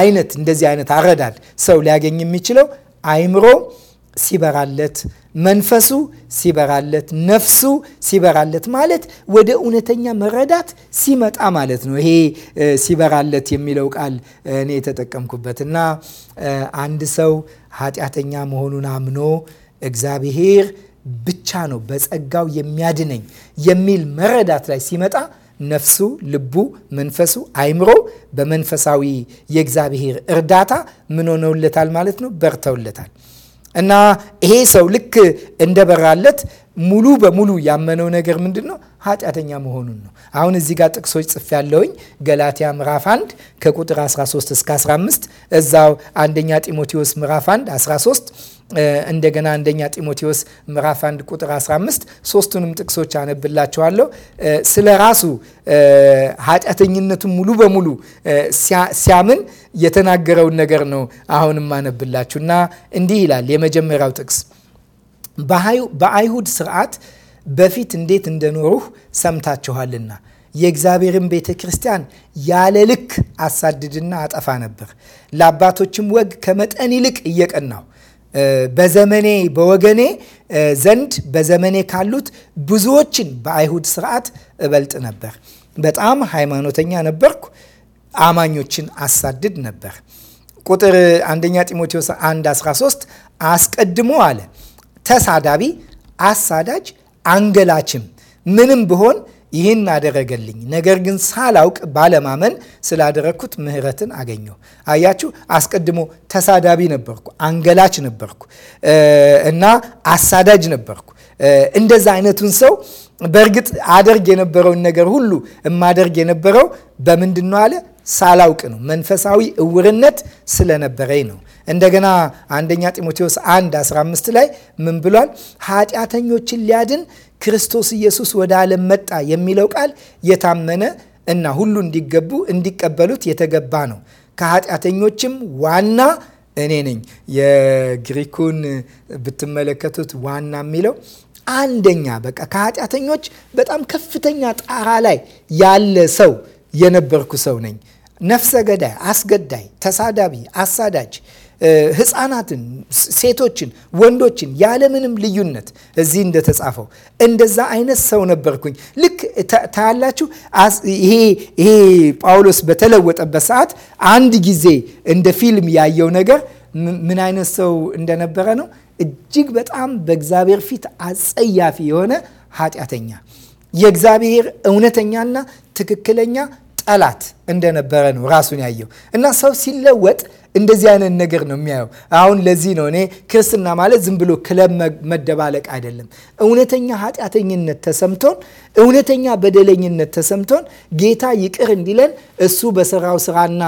Speaker 1: አይነት እንደዚህ አይነት አረዳድ ሰው ሊያገኝ የሚችለው አይምሮ ሲበራለት፣ መንፈሱ ሲበራለት፣ ነፍሱ ሲበራለት ማለት ወደ እውነተኛ መረዳት ሲመጣ ማለት ነው። ይሄ ሲበራለት የሚለው ቃል እኔ የተጠቀምኩበት እና አንድ ሰው ኃጢአተኛ መሆኑን አምኖ እግዚአብሔር ብቻ ነው በጸጋው የሚያድነኝ የሚል መረዳት ላይ ሲመጣ ነፍሱ፣ ልቡ፣ መንፈሱ፣ አይምሮ በመንፈሳዊ የእግዚአብሔር እርዳታ ምን ሆነውለታል ማለት ነው፣ በርተውለታል። እና ይሄ ሰው ልክ እንደበራለት ሙሉ በሙሉ ያመነው ነገር ምንድን ነው? ኃጢአተኛ መሆኑን ነው። አሁን እዚህ ጋር ጥቅሶች ጽፍ ያለውኝ ገላትያ ምዕራፍ 1 ከቁጥር 13 እስከ 15 እዛው አንደኛ ጢሞቴዎስ ምዕራፍ 1 13 እንደገና አንደኛ ጢሞቴዎስ ምዕራፍ 1 ቁጥር 15 ሶስቱንም ጥቅሶች አነብላችኋለሁ። ስለ ራሱ ኃጢአተኝነቱን ሙሉ በሙሉ ሲያምን የተናገረውን ነገር ነው አሁንም አነብላችሁ እና እንዲህ ይላል የመጀመሪያው ጥቅስ በአይሁድ ስርዓት በፊት እንዴት እንደኖሩህ ሰምታችኋልና የእግዚአብሔርን ቤተ ክርስቲያን ያለ ልክ አሳድድና አጠፋ ነበር። ለአባቶችም ወግ ከመጠን ይልቅ እየቀናው በዘመኔ በወገኔ ዘንድ በዘመኔ ካሉት ብዙዎችን በአይሁድ ስርዓት እበልጥ ነበር። በጣም ሃይማኖተኛ ነበርኩ። አማኞችን አሳድድ ነበር። ቁጥር አንደኛ ጢሞቴዎስ 1 13 አስቀድሞ አለ ተሳዳቢ፣ አሳዳጅ፣ አንገላችም ምንም ብሆን ይህን አደረገልኝ። ነገር ግን ሳላውቅ ባለማመን ስላደረግኩት ምሕረትን አገኘሁ። አያችሁ፣ አስቀድሞ ተሳዳቢ ነበርኩ፣ አንገላች ነበርኩ እና አሳዳጅ ነበርኩ። እንደዛ አይነቱን ሰው በእርግጥ አደርግ የነበረውን ነገር ሁሉ የማደርግ የነበረው በምንድን ነው አለ ሳላውቅ ነው። መንፈሳዊ እውርነት ስለነበረኝ ነው። እንደገና አንደኛ ጢሞቴዎስ 1 15 ላይ ምን ብሏል? ኃጢአተኞችን ሊያድን ክርስቶስ ኢየሱስ ወደ ዓለም መጣ የሚለው ቃል የታመነ እና ሁሉ እንዲገቡ እንዲቀበሉት የተገባ ነው። ከኃጢአተኞችም ዋና እኔ ነኝ። የግሪኩን ብትመለከቱት ዋና የሚለው አንደኛ፣ በቃ ከኃጢአተኞች በጣም ከፍተኛ ጣራ ላይ ያለ ሰው የነበርኩ ሰው ነኝ። ነፍሰ ገዳይ፣ አስገዳይ፣ ተሳዳቢ፣ አሳዳጅ ህፃናትን፣ ሴቶችን፣ ወንዶችን ያለምንም ልዩነት እዚህ እንደተጻፈው እንደዛ አይነት ሰው ነበርኩኝ። ልክ ታያላችሁ። ይሄ ጳውሎስ በተለወጠበት ሰዓት አንድ ጊዜ እንደ ፊልም ያየው ነገር ምን አይነት ሰው እንደነበረ ነው። እጅግ በጣም በእግዚአብሔር ፊት አጸያፊ የሆነ ኃጢአተኛ የእግዚአብሔር እውነተኛና ትክክለኛ ጠላት እንደነበረ ነው ራሱን ያየው እና ሰው ሲለወጥ እንደዚህ አይነት ነገር ነው የሚያየው። አሁን ለዚህ ነው እኔ ክርስትና ማለት ዝም ብሎ ክለብ መደባለቅ አይደለም። እውነተኛ ኃጢአተኝነት ተሰምቶን፣ እውነተኛ በደለኝነት ተሰምቶን ጌታ ይቅር እንዲለን እሱ በሰራው ስራና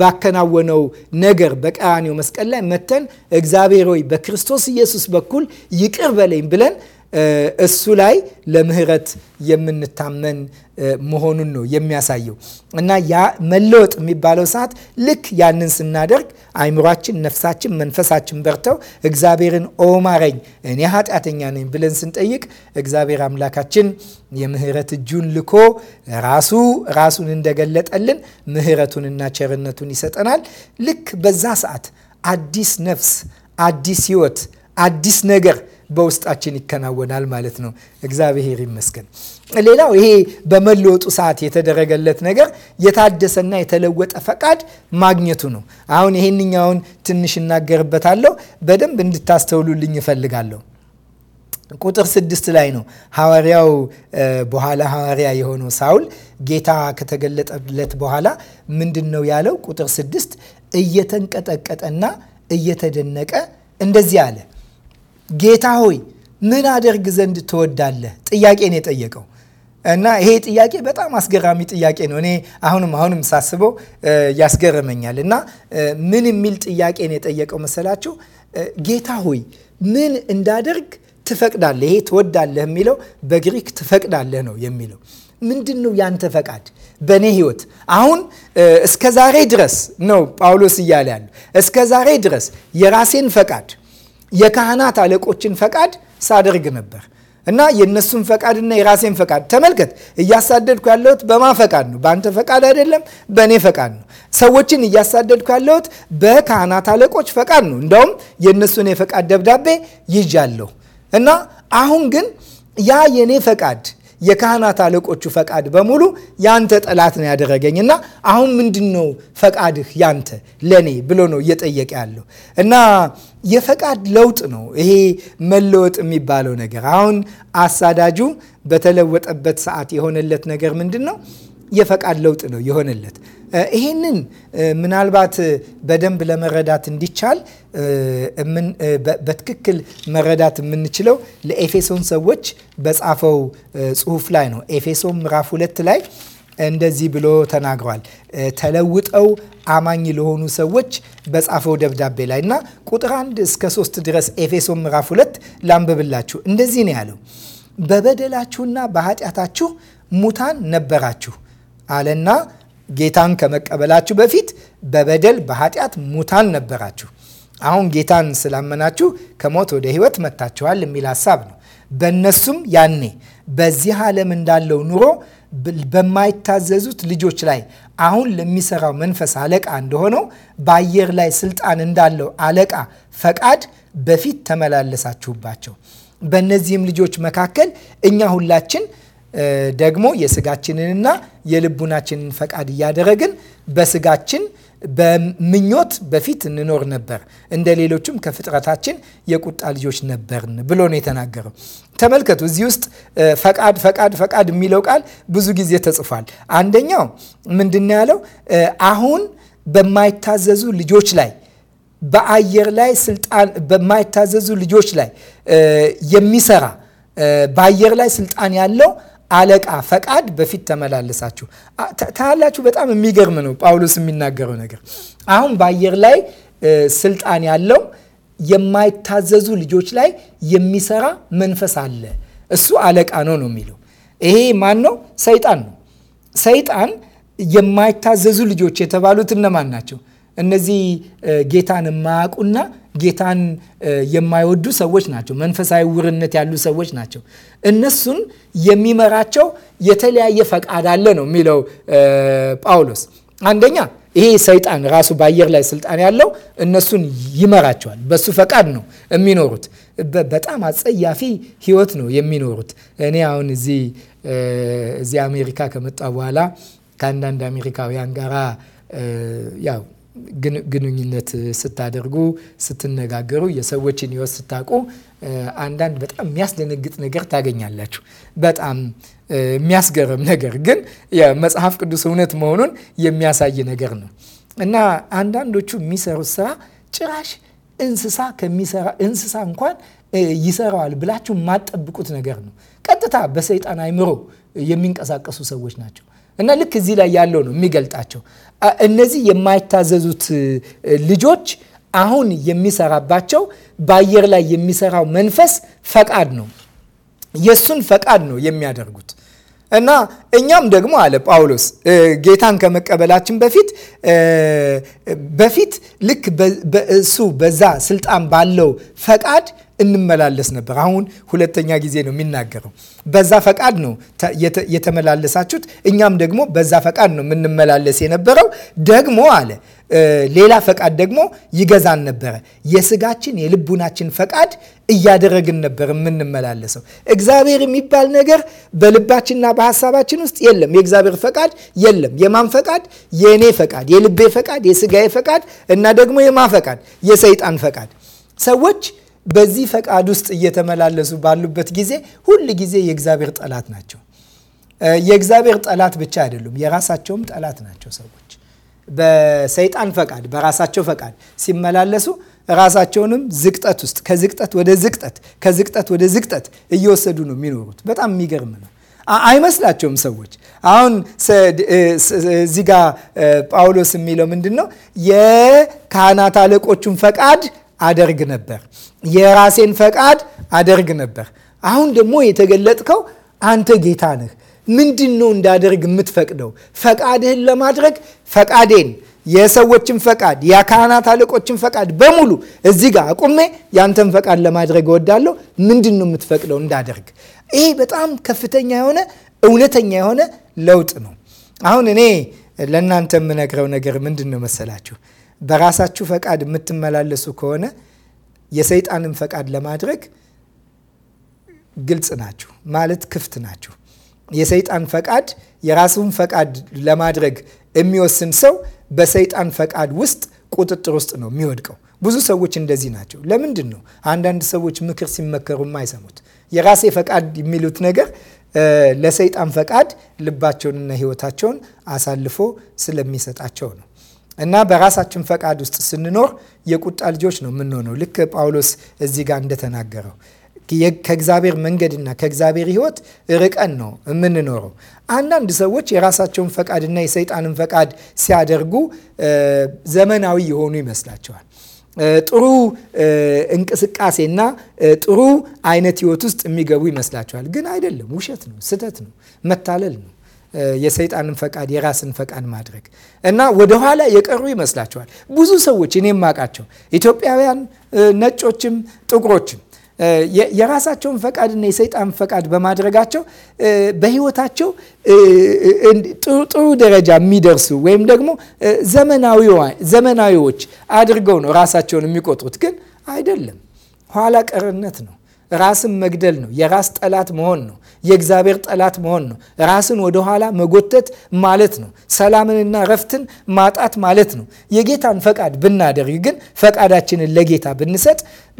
Speaker 1: ባከናወነው ነገር በቀራኒው መስቀል ላይ መተን እግዚአብሔር ሆይ በክርስቶስ ኢየሱስ በኩል ይቅር በለኝ ብለን እሱ ላይ ለምህረት የምንታመን መሆኑን ነው የሚያሳየው እና ያ መለወጥ የሚባለው ሰዓት ልክ ያንን ስናደርግ አይምሯችን፣ ነፍሳችን፣ መንፈሳችን በርተው እግዚአብሔርን ኦማረኝ እኔ ኃጢአተኛ ነኝ ብለን ስንጠይቅ እግዚአብሔር አምላካችን የምህረት እጁን ልኮ ራሱ ራሱን እንደገለጠልን ምህረቱንና ቸርነቱን ይሰጠናል። ልክ በዛ ሰዓት አዲስ ነፍስ፣ አዲስ ህይወት፣ አዲስ ነገር በውስጣችን ይከናወናል ማለት ነው። እግዚአብሔር ይመስገን። ሌላው ይሄ በመለወጡ ሰዓት የተደረገለት ነገር የታደሰና የተለወጠ ፈቃድ ማግኘቱ ነው። አሁን ይሄንኛውን ትንሽ እናገርበታለሁ። በደንብ እንድታስተውሉልኝ እፈልጋለሁ። ቁጥር ስድስት ላይ ነው ሐዋርያው በኋላ ሐዋርያ የሆነው ሳውል ጌታ ከተገለጠለት በኋላ ምንድን ነው ያለው? ቁጥር ስድስት እየተንቀጠቀጠና እየተደነቀ እንደዚህ አለ ጌታ ሆይ ምን አደርግ ዘንድ ትወዳለህ? ጥያቄ ነው የጠየቀው እና ይሄ ጥያቄ በጣም አስገራሚ ጥያቄ ነው። እኔ አሁንም አሁንም ሳስበው ያስገርመኛል። እና ምን የሚል ጥያቄ ነው የጠየቀው መሰላችሁ? ጌታ ሆይ ምን እንዳደርግ ትፈቅዳለህ? ይሄ ትወዳለህ የሚለው በግሪክ ትፈቅዳለህ ነው የሚለው። ምንድን ነው ያንተ ፈቃድ በእኔ ህይወት? አሁን እስከ ዛሬ ድረስ ነው ጳውሎስ እያለ ያለ እስከ ዛሬ ድረስ የራሴን ፈቃድ የካህናት አለቆችን ፈቃድ ሳደርግ ነበር እና የእነሱን ፈቃድና የራሴን ፈቃድ ተመልከት። እያሳደድኩ ያለሁት በማ ፈቃድ ነው? በአንተ ፈቃድ አይደለም፣ በእኔ ፈቃድ ነው። ሰዎችን እያሳደድኩ ያለሁት በካህናት አለቆች ፈቃድ ነው። እንደውም የእነሱን የፈቃድ ደብዳቤ ይዣለሁ እና አሁን ግን ያ የእኔ ፈቃድ የካህናት አለቆቹ ፈቃድ በሙሉ ያንተ ጠላት ነው ያደረገኝ እና አሁን ምንድን ነው ፈቃድህ ያንተ ለእኔ ብሎ ነው እየጠየቀ ያለው እና የፈቃድ ለውጥ ነው ይሄ መለወጥ የሚባለው ነገር። አሁን አሳዳጁ በተለወጠበት ሰዓት የሆነለት ነገር ምንድን ነው? የፈቃድ ለውጥ ነው የሆነለት። ይህንን ምናልባት በደንብ ለመረዳት እንዲቻል በትክክል መረዳት የምንችለው ለኤፌሶን ሰዎች በጻፈው ጽሁፍ ላይ ነው። ኤፌሶን ምዕራፍ ሁለት ላይ እንደዚህ ብሎ ተናግሯል። ተለውጠው አማኝ ለሆኑ ሰዎች በጻፈው ደብዳቤ ላይ እና ቁጥር አንድ እስከ ሶስት ድረስ ኤፌሶን ምዕራፍ ሁለት ላንብብላችሁ። እንደዚህ ነው ያለው በበደላችሁና በኃጢአታችሁ ሙታን ነበራችሁ አለና ጌታን ከመቀበላችሁ በፊት በበደል በኃጢአት ሙታን ነበራችሁ። አሁን ጌታን ስላመናችሁ ከሞት ወደ ሕይወት መጥታችኋል የሚል ሀሳብ ነው። በእነሱም ያኔ በዚህ ዓለም እንዳለው ኑሮ በማይታዘዙት ልጆች ላይ አሁን ለሚሰራው መንፈስ አለቃ እንደሆነው በአየር ላይ ስልጣን እንዳለው አለቃ ፈቃድ በፊት ተመላለሳችሁባቸው። በእነዚህም ልጆች መካከል እኛ ሁላችን ደግሞ የስጋችንንና የልቡናችንን ፈቃድ እያደረግን በስጋችን በምኞት በፊት እንኖር ነበር፣ እንደ ሌሎችም ከፍጥረታችን የቁጣ ልጆች ነበርን ብሎ ነው የተናገረው። ተመልከቱ፣ እዚህ ውስጥ ፈቃድ ፈቃድ ፈቃድ የሚለው ቃል ብዙ ጊዜ ተጽፏል። አንደኛው ምንድን ያለው አሁን በማይታዘዙ ልጆች ላይ በአየር ላይ ስልጣን በማይታዘዙ ልጆች ላይ የሚሰራ በአየር ላይ ስልጣን ያለው አለቃ ፈቃድ በፊት ተመላለሳችሁ ታያላችሁ። በጣም የሚገርም ነው ጳውሎስ የሚናገረው ነገር። አሁን በአየር ላይ ስልጣን ያለው የማይታዘዙ ልጆች ላይ የሚሰራ መንፈስ አለ። እሱ አለቃ ነው ነው የሚለው። ይሄ ማን ነው? ሰይጣን ነው። ሰይጣን የማይታዘዙ ልጆች የተባሉት እነማን ናቸው? እነዚህ ጌታን የማያውቁና ጌታን የማይወዱ ሰዎች ናቸው። መንፈሳዊ ውርነት ያሉ ሰዎች ናቸው። እነሱን የሚመራቸው የተለያየ ፈቃድ አለ ነው የሚለው ጳውሎስ። አንደኛ ይሄ ሰይጣን ራሱ በአየር ላይ ስልጣን ያለው እነሱን ይመራቸዋል። በሱ ፈቃድ ነው የሚኖሩት። በጣም አጸያፊ ህይወት ነው የሚኖሩት። እኔ አሁን እዚህ አሜሪካ ከመጣ በኋላ ከአንዳንድ አሜሪካውያን ጋራ ያው ግንኙነት ስታደርጉ፣ ስትነጋገሩ፣ የሰዎችን ሕይወት ስታውቁ አንዳንድ በጣም የሚያስደነግጥ ነገር ታገኛላችሁ። በጣም የሚያስገርም ነገር ግን የመጽሐፍ ቅዱስ እውነት መሆኑን የሚያሳይ ነገር ነው እና አንዳንዶቹ የሚሰሩት ስራ ጭራሽ እንስሳ ከሚሰራ እንስሳ እንኳን ይሰራዋል ብላችሁ የማትጠብቁት ነገር ነው። ቀጥታ በሰይጣን አይምሮ የሚንቀሳቀሱ ሰዎች ናቸው። እና ልክ እዚህ ላይ ያለው ነው የሚገልጣቸው። እነዚህ የማይታዘዙት ልጆች አሁን የሚሰራባቸው በአየር ላይ የሚሰራው መንፈስ ፈቃድ ነው። የእሱን ፈቃድ ነው የሚያደርጉት። እና እኛም ደግሞ አለ ጳውሎስ ጌታን ከመቀበላችን በፊት በፊት ልክ እሱ በዛ ስልጣን ባለው ፈቃድ እንመላለስ ነበር። አሁን ሁለተኛ ጊዜ ነው የሚናገረው። በዛ ፈቃድ ነው የተመላለሳችሁት፣ እኛም ደግሞ በዛ ፈቃድ ነው የምንመላለስ የነበረው። ደግሞ አለ ሌላ ፈቃድ ደግሞ ይገዛን ነበረ። የስጋችን የልቡናችን ፈቃድ እያደረግን ነበር የምንመላለሰው። እግዚአብሔር የሚባል ነገር በልባችንና በሀሳባችን ውስጥ የለም። የእግዚአብሔር ፈቃድ የለም። የማን ፈቃድ? የእኔ ፈቃድ፣ የልቤ ፈቃድ፣ የስጋዬ ፈቃድ እና ደግሞ የማ ፈቃድ፣ የሰይጣን ፈቃድ ሰዎች በዚህ ፈቃድ ውስጥ እየተመላለሱ ባሉበት ጊዜ ሁል ጊዜ የእግዚአብሔር ጠላት ናቸው። የእግዚአብሔር ጠላት ብቻ አይደሉም፣ የራሳቸውም ጠላት ናቸው። ሰዎች በሰይጣን ፈቃድ፣ በራሳቸው ፈቃድ ሲመላለሱ ራሳቸውንም ዝቅጠት ውስጥ ከዝቅጠት ወደ ዝቅጠት ከዝቅጠት ወደ ዝቅጠት እየወሰዱ ነው የሚኖሩት። በጣም የሚገርም ነው። አይመስላቸውም ሰዎች። አሁን እዚህ ጋር ጳውሎስ የሚለው ምንድን ነው? የካህናት አለቆቹን ፈቃድ አደርግ ነበር። የራሴን ፈቃድ አደርግ ነበር። አሁን ደግሞ የተገለጥከው አንተ ጌታ ነህ። ምንድን ነው እንዳደርግ የምትፈቅደው? ፈቃድህን ለማድረግ ፈቃዴን የሰዎችን ፈቃድ የካህናት አለቆችን ፈቃድ በሙሉ እዚህ ጋር አቁሜ ያንተን ፈቃድ ለማድረግ እወዳለሁ። ምንድን ነው የምትፈቅደው እንዳደርግ? ይሄ በጣም ከፍተኛ የሆነ እውነተኛ የሆነ ለውጥ ነው። አሁን እኔ ለእናንተ የምነግረው ነገር ምንድን ነው መሰላችሁ? በራሳችሁ ፈቃድ የምትመላለሱ ከሆነ የሰይጣንን ፈቃድ ለማድረግ ግልጽ ናችሁ ማለት ክፍት ናችሁ። የሰይጣን ፈቃድ የራሱን ፈቃድ ለማድረግ የሚወስን ሰው በሰይጣን ፈቃድ ውስጥ ቁጥጥር ውስጥ ነው የሚወድቀው። ብዙ ሰዎች እንደዚህ ናቸው። ለምንድን ነው አንዳንድ ሰዎች ምክር ሲመከሩ የማይሰሙት? የራሴ ፈቃድ የሚሉት ነገር ለሰይጣን ፈቃድ ልባቸውንና ሕይወታቸውን አሳልፎ ስለሚሰጣቸው ነው። እና በራሳችን ፈቃድ ውስጥ ስንኖር የቁጣ ልጆች ነው የምንሆነው። ልክ ጳውሎስ እዚህ ጋር እንደተናገረው ከእግዚአብሔር መንገድና ከእግዚአብሔር ሕይወት ርቀን ነው የምንኖረው። አንዳንድ ሰዎች የራሳቸውን ፈቃድና የሰይጣንን ፈቃድ ሲያደርጉ ዘመናዊ የሆኑ ይመስላቸዋል። ጥሩ እንቅስቃሴና ጥሩ አይነት ሕይወት ውስጥ የሚገቡ ይመስላቸዋል። ግን አይደለም፣ ውሸት ነው፣ ስህተት ነው፣ መታለል ነው። የሰይጣንን ፈቃድ የራስን ፈቃድ ማድረግ እና ወደኋላ የቀሩ ይመስላቸዋል። ብዙ ሰዎች እኔም ማቃቸው ኢትዮጵያውያን፣ ነጮችም ጥቁሮችም የራሳቸውን ፈቃድና የሰይጣን ፈቃድ በማድረጋቸው በህይወታቸው ጥሩ ደረጃ የሚደርሱ ወይም ደግሞ ዘመናዊዎች አድርገው ነው ራሳቸውን የሚቆጥሩት። ግን አይደለም፣ ኋላ ቀርነት ነው። ራስን መግደል ነው። የራስ ጠላት መሆን ነው። የእግዚአብሔር ጠላት መሆን ነው። ራስን ወደኋላ መጎተት ማለት ነው። ሰላምንና ረፍትን ማጣት ማለት ነው። የጌታን ፈቃድ ብናደርግ ግን ፈቃዳችንን ለጌታ ብንሰጥ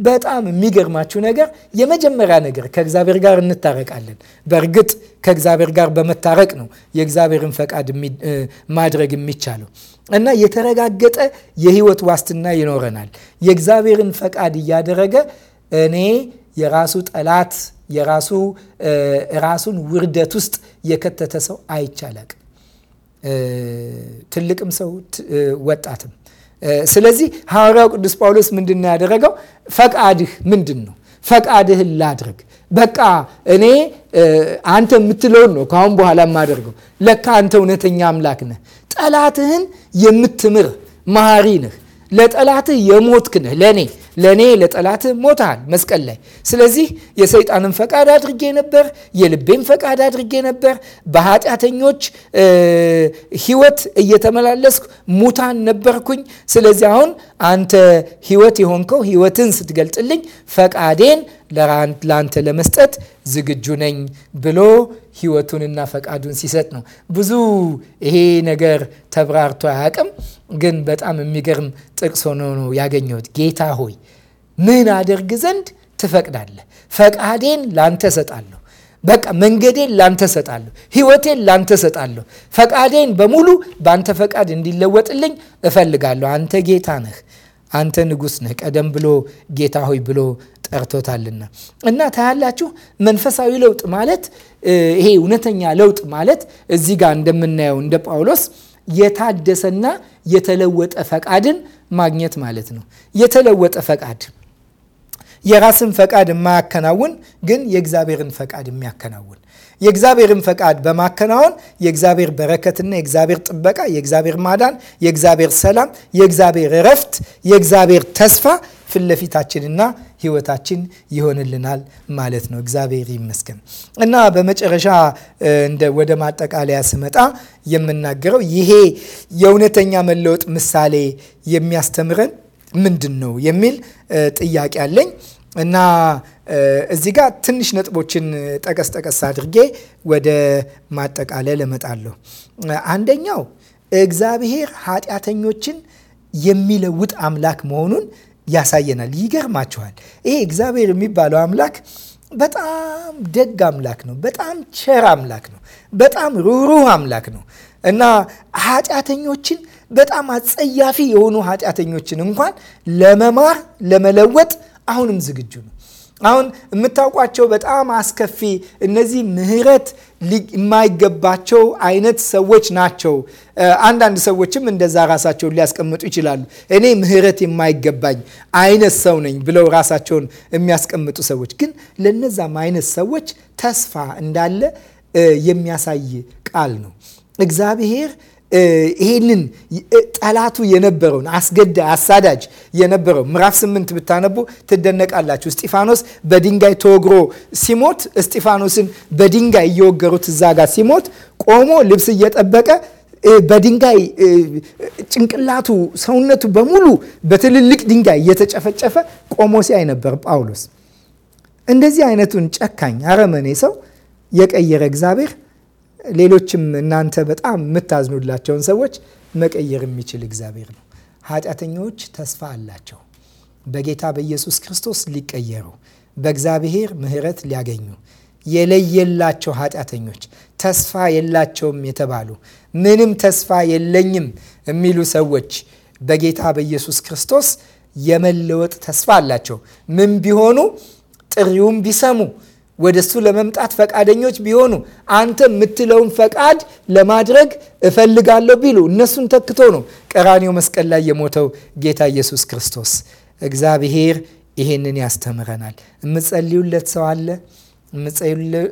Speaker 1: በጣም የሚገርማችሁ ነገር የመጀመሪያ ነገር ከእግዚአብሔር ጋር እንታረቃለን። በእርግጥ ከእግዚአብሔር ጋር በመታረቅ ነው የእግዚአብሔርን ፈቃድ ማድረግ የሚቻለው እና የተረጋገጠ የህይወት ዋስትና ይኖረናል። የእግዚአብሔርን ፈቃድ እያደረገ እኔ የራሱ ጠላት የራሱ ራሱን ውርደት ውስጥ የከተተ ሰው አይቻላቅ ትልቅም ሰው ወጣትም። ስለዚህ ሐዋርያው ቅዱስ ጳውሎስ ምንድን ነው ያደረገው? ፈቃድህ ምንድን ነው? ፈቃድህን ላድርግ። በቃ እኔ አንተ የምትለውን ነው ከአሁን በኋላ የማደርገው። ለካ አንተ እውነተኛ አምላክ ነህ። ጠላትህን የምትምር መሐሪ ነህ። ለጠላትህ የሞትክ ነህ ለእኔ ለእኔ ለጠላት ሞታል መስቀል ላይ። ስለዚህ የሰይጣንን ፈቃድ አድርጌ ነበር፣ የልቤን ፈቃድ አድርጌ ነበር። በኃጢአተኞች ህይወት እየተመላለስኩ ሙታን ነበርኩኝ። ስለዚህ አሁን አንተ ህይወት የሆንከው ህይወትን ስትገልጥልኝ ፈቃዴን ለአንተ ለመስጠት ዝግጁ ነኝ ብሎ ህይወቱንና ፈቃዱን ሲሰጥ ነው። ብዙ ይሄ ነገር ተብራርቶ አያውቅም፣ ግን በጣም የሚገርም ጥቅስ ሆኖ ነው ያገኘሁት። ጌታ ሆይ ምን አደርግ ዘንድ ትፈቅዳለህ? ፈቃዴን ላንተ ሰጣለሁ። በቃ መንገዴን ላንተ ሰጣለሁ። ህይወቴን ላንተ ሰጣለሁ። ፈቃዴን በሙሉ በአንተ ፈቃድ እንዲለወጥልኝ እፈልጋለሁ። አንተ ጌታ ነህ፣ አንተ ንጉሥ ነህ። ቀደም ብሎ ጌታ ሆይ ብሎ ጠርቶታልና እና ታያላችሁ። መንፈሳዊ ለውጥ ማለት ይሄ እውነተኛ ለውጥ ማለት እዚህ ጋር እንደምናየው እንደ ጳውሎስ የታደሰና የተለወጠ ፈቃድን ማግኘት ማለት ነው። የተለወጠ ፈቃድ የራስን ፈቃድ የማያከናውን ግን የእግዚአብሔርን ፈቃድ የሚያከናውን የእግዚአብሔርን ፈቃድ በማከናወን የእግዚአብሔር በረከትና የእግዚአብሔር ጥበቃ፣ የእግዚአብሔር ማዳን፣ የእግዚአብሔር ሰላም፣ የእግዚአብሔር እረፍት፣ የእግዚአብሔር ተስፋ ፊት ለፊታችንና ይሆንልናል ማለት ነው። እግዚአብሔር ይመስገን እና በመጨረሻ ወደ ማጠቃለያ ስመጣ የምናገረው ይሄ የእውነተኛ መለወጥ ምሳሌ የሚያስተምረን ምንድን ነው የሚል ጥያቄ አለኝ እና እዚ ጋ ትንሽ ነጥቦችን ጠቀስ ጠቀስ አድርጌ ወደ ማጠቃለል እመጣለሁ። አንደኛው እግዚአብሔር ኃጢአተኞችን የሚለውጥ አምላክ መሆኑን ያሳየናል። ይገርማችኋል። ይሄ እግዚአብሔር የሚባለው አምላክ በጣም ደግ አምላክ ነው። በጣም ቸር አምላክ ነው። በጣም ሩሩህ አምላክ ነው እና ኃጢአተኞችን በጣም አጸያፊ የሆኑ ኃጢአተኞችን እንኳን ለመማር ለመለወጥ አሁንም ዝግጁ ነው። አሁን የምታውቋቸው በጣም አስከፊ እነዚህ ምህረት የማይገባቸው አይነት ሰዎች ናቸው። አንዳንድ ሰዎችም እንደዛ ራሳቸውን ሊያስቀምጡ ይችላሉ። እኔ ምህረት የማይገባኝ አይነት ሰው ነኝ ብለው ራሳቸውን የሚያስቀምጡ ሰዎች ግን ለነዛም አይነት ሰዎች ተስፋ እንዳለ የሚያሳይ ቃል ነው እግዚአብሔር ይሄንን ጠላቱ የነበረውን አስገዳይ አሳዳጅ የነበረው ምዕራፍ ስምንት ብታነቡ ትደነቃላችሁ። እስጢፋኖስ በድንጋይ ተወግሮ ሲሞት እስጢፋኖስን በድንጋይ እየወገሩት እዛ ጋር ሲሞት ቆሞ ልብስ እየጠበቀ በድንጋይ ጭንቅላቱ ሰውነቱ በሙሉ በትልልቅ ድንጋይ እየተጨፈጨፈ ቆሞ ሲያይ ነበር ጳውሎስ። እንደዚህ አይነቱን ጨካኝ አረመኔ ሰው የቀየረ እግዚአብሔር ሌሎችም እናንተ በጣም የምታዝኑላቸውን ሰዎች መቀየር የሚችል እግዚአብሔር ነው። ኃጢአተኞች ተስፋ አላቸው በጌታ በኢየሱስ ክርስቶስ ሊቀየሩ፣ በእግዚአብሔር ምሕረት ሊያገኙ የለየላቸው ኃጢአተኞች ተስፋ የላቸውም የተባሉ ምንም ተስፋ የለኝም የሚሉ ሰዎች በጌታ በኢየሱስ ክርስቶስ የመለወጥ ተስፋ አላቸው። ምን ቢሆኑ ጥሪውም ቢሰሙ ወደ እሱ ለመምጣት ፈቃደኞች ቢሆኑ አንተ የምትለውን ፈቃድ ለማድረግ እፈልጋለሁ ቢሉ እነሱን ተክቶ ነው ቀራኔው መስቀል ላይ የሞተው ጌታ ኢየሱስ ክርስቶስ። እግዚአብሔር ይሄንን ያስተምረናል። የምጸልዩለት ሰው አለ፣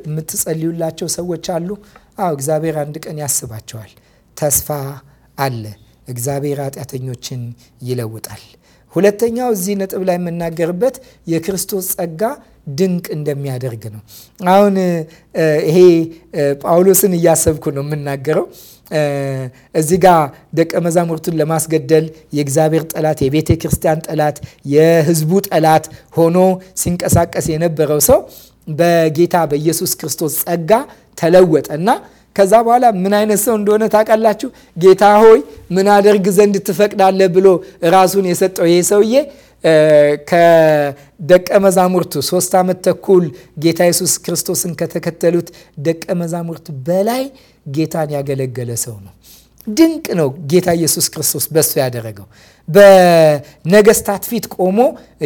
Speaker 1: የምትጸልዩላቸው ሰዎች አሉ። አዎ እግዚአብሔር አንድ ቀን ያስባቸዋል። ተስፋ አለ። እግዚአብሔር ኃጢአተኞችን ይለውጣል። ሁለተኛው እዚህ ነጥብ ላይ የምናገርበት የክርስቶስ ጸጋ ድንቅ እንደሚያደርግ ነው። አሁን ይሄ ጳውሎስን እያሰብኩ ነው የምናገረው። እዚህ ጋ ደቀ መዛሙርቱን ለማስገደል የእግዚአብሔር ጠላት፣ የቤተ ክርስቲያን ጠላት፣ የሕዝቡ ጠላት ሆኖ ሲንቀሳቀስ የነበረው ሰው በጌታ በኢየሱስ ክርስቶስ ጸጋ ተለወጠ እና ከዛ በኋላ ምን አይነት ሰው እንደሆነ ታውቃላችሁ። ጌታ ሆይ ምን አደርግ ዘንድ ትፈቅዳለህ ብሎ ራሱን የሰጠው ይሄ ሰውዬ ከደቀ መዛሙርቱ ሶስት ዓመት ተኩል ጌታ ኢየሱስ ክርስቶስን ከተከተሉት ደቀ መዛሙርት በላይ ጌታን ያገለገለ ሰው ነው። ድንቅ ነው ጌታ ኢየሱስ ክርስቶስ በሱ ያደረገው። በነገስታት ፊት ቆሞ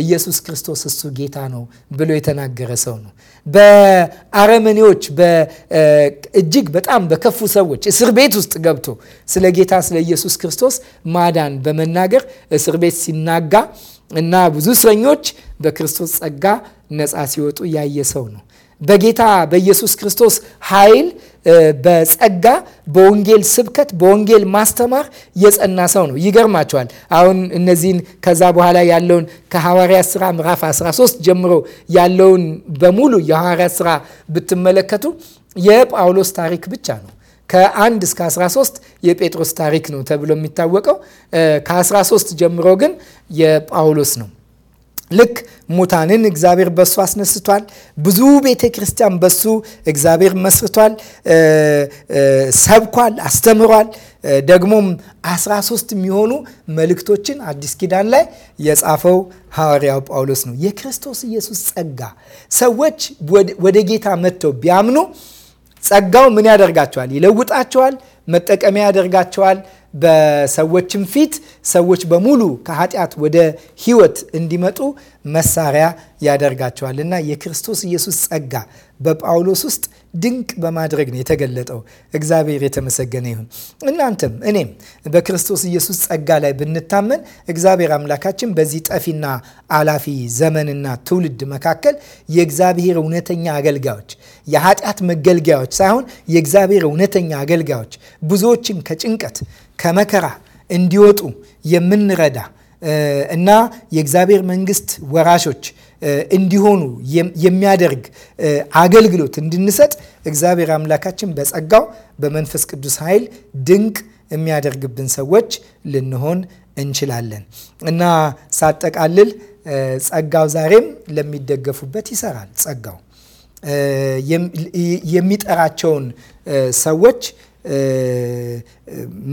Speaker 1: ኢየሱስ ክርስቶስ እሱ ጌታ ነው ብሎ የተናገረ ሰው ነው። በአረመኔዎች እጅግ በጣም በከፉ ሰዎች እስር ቤት ውስጥ ገብቶ ስለ ጌታ ስለ ኢየሱስ ክርስቶስ ማዳን በመናገር እስር ቤት ሲናጋ እና ብዙ እስረኞች በክርስቶስ ጸጋ ነፃ ሲወጡ ያየ ሰው ነው። በጌታ በኢየሱስ ክርስቶስ ኃይል በጸጋ በወንጌል ስብከት በወንጌል ማስተማር የጸና ሰው ነው። ይገርማቸዋል። አሁን እነዚህን ከዛ በኋላ ያለውን ከሐዋርያት ስራ ምዕራፍ 13 ጀምሮ ያለውን በሙሉ የሐዋርያት ስራ ብትመለከቱ የጳውሎስ ታሪክ ብቻ ነው። ከአንድ እስከ 13 የጴጥሮስ ታሪክ ነው ተብሎ የሚታወቀው ከ13 ጀምሮ ግን የጳውሎስ ነው። ልክ ሙታንን እግዚአብሔር በሱ አስነስቷል። ብዙ ቤተ ክርስቲያን በሱ እግዚአብሔር መስርቷል፣ ሰብኳል፣ አስተምሯል። ደግሞም 13 የሚሆኑ መልእክቶችን አዲስ ኪዳን ላይ የጻፈው ሐዋርያው ጳውሎስ ነው። የክርስቶስ ኢየሱስ ጸጋ ሰዎች ወደ ጌታ መጥተው ቢያምኑ ጸጋው ምን ያደርጋቸዋል? ይለውጣቸዋል፣ መጠቀሚያ ያደርጋቸዋል በሰዎችም ፊት ሰዎች በሙሉ ከኃጢአት ወደ ህይወት እንዲመጡ መሳሪያ ያደርጋቸዋል እና የክርስቶስ ኢየሱስ ጸጋ በጳውሎስ ውስጥ ድንቅ በማድረግ ነው የተገለጠው። እግዚአብሔር የተመሰገነ ይሁን። እናንተም እኔም በክርስቶስ ኢየሱስ ጸጋ ላይ ብንታመን እግዚአብሔር አምላካችን በዚህ ጠፊና አላፊ ዘመንና ትውልድ መካከል የእግዚአብሔር እውነተኛ አገልጋዮች፣ የኃጢአት መገልገያዎች ሳይሆን የእግዚአብሔር እውነተኛ አገልጋዮች ብዙዎችን ከጭንቀት ከመከራ እንዲወጡ የምንረዳ እና የእግዚአብሔር መንግስት ወራሾች እንዲሆኑ የሚያደርግ አገልግሎት እንድንሰጥ እግዚአብሔር አምላካችን በጸጋው በመንፈስ ቅዱስ ኃይል ድንቅ የሚያደርግብን ሰዎች ልንሆን እንችላለን እና ሳጠቃልል ጸጋው ዛሬም ለሚደገፉበት ይሰራል። ጸጋው የሚጠራቸውን ሰዎች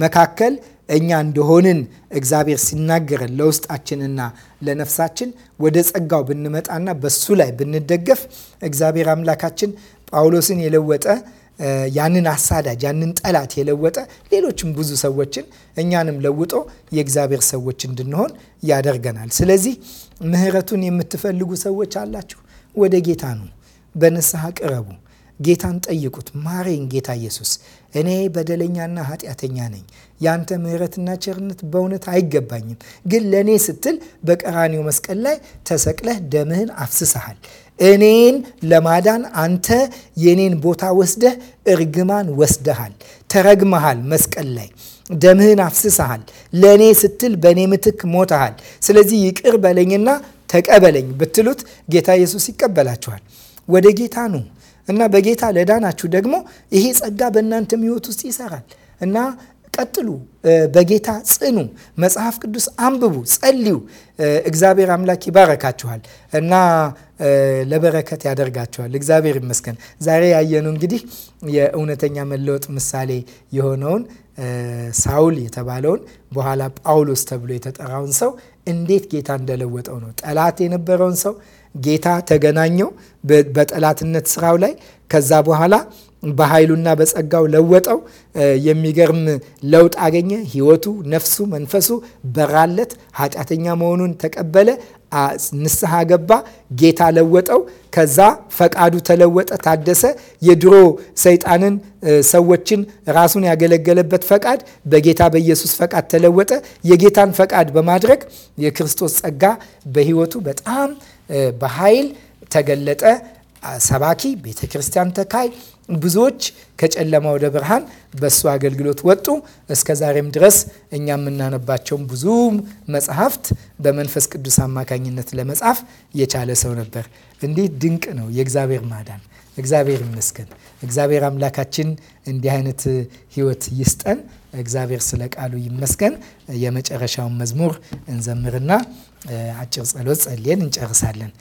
Speaker 1: መካከል እኛ እንደሆንን እግዚአብሔር ሲናገረን ለውስጣችንና ለነፍሳችን ወደ ጸጋው ብንመጣና በሱ ላይ ብንደገፍ እግዚአብሔር አምላካችን ጳውሎስን የለወጠ ያንን አሳዳጅ ያንን ጠላት የለወጠ ሌሎችም ብዙ ሰዎችን እኛንም ለውጦ የእግዚአብሔር ሰዎች እንድንሆን ያደርገናል። ስለዚህ ምሕረቱን የምትፈልጉ ሰዎች አላችሁ፣ ወደ ጌታ ነው፣ በንስሐ ቅረቡ፣ ጌታን ጠይቁት። ማረኝ ጌታ ኢየሱስ እኔ በደለኛና ኃጢአተኛ ነኝ። ያንተ ምሕረትና ቸርነት በእውነት አይገባኝም፣ ግን ለእኔ ስትል በቀራኒው መስቀል ላይ ተሰቅለህ ደምህን አፍስሰሃል። እኔን ለማዳን አንተ የኔን ቦታ ወስደህ እርግማን ወስደሃል፣ ተረግመሃል፣ መስቀል ላይ ደምህን አፍስሰሃል። ለእኔ ስትል በእኔ ምትክ ሞተሃል። ስለዚህ ይቅር በለኝና ተቀበለኝ ብትሉት ጌታ ኢየሱስ ይቀበላችኋል። ወደ ጌታ ነው እና በጌታ ለዳናችሁ ደግሞ ይሄ ጸጋ በእናንተም ሕይወት ውስጥ ይሰራል እና ቀጥሉ፣ በጌታ ጽኑ፣ መጽሐፍ ቅዱስ አንብቡ፣ ጸልዩ። እግዚአብሔር አምላክ ይባረካችኋል እና ለበረከት ያደርጋችኋል። እግዚአብሔር ይመስገን። ዛሬ ያየነው እንግዲህ የእውነተኛ መለወጥ ምሳሌ የሆነውን ሳውል የተባለውን በኋላ ጳውሎስ ተብሎ የተጠራውን ሰው እንዴት ጌታ እንደለወጠው ነው። ጠላት የነበረውን ሰው ጌታ ተገናኘው በጠላትነት ስራው ላይ ከዛ በኋላ በኃይሉና በጸጋው ለወጠው። የሚገርም ለውጥ አገኘ። ህይወቱ፣ ነፍሱ፣ መንፈሱ በራለት። ኃጢአተኛ መሆኑን ተቀበለ። ንስሐ ገባ። ጌታ ለወጠው። ከዛ ፈቃዱ ተለወጠ፣ ታደሰ። የድሮ ሰይጣንን፣ ሰዎችን፣ ራሱን ያገለገለበት ፈቃድ በጌታ በኢየሱስ ፈቃድ ተለወጠ። የጌታን ፈቃድ በማድረግ የክርስቶስ ጸጋ በህይወቱ በጣም በኃይል ተገለጠ። ሰባኪ፣ ቤተ ክርስቲያን ተካይ፣ ብዙዎች ከጨለማ ወደ ብርሃን በእሱ አገልግሎት ወጡ። እስከ ዛሬም ድረስ እኛ የምናነባቸውን ብዙ መጽሐፍት በመንፈስ ቅዱስ አማካኝነት ለመጻፍ የቻለ ሰው ነበር። እንዲህ ድንቅ ነው የእግዚአብሔር ማዳን። እግዚአብሔር ይመስገን። እግዚአብሔር አምላካችን እንዲህ አይነት ህይወት ይስጠን። እግዚአብሔር ስለ ቃሉ ይመስገን። የመጨረሻውን መዝሙር እንዘምርና አጭር ጸሎት ጸልየን እንጨርሳለን።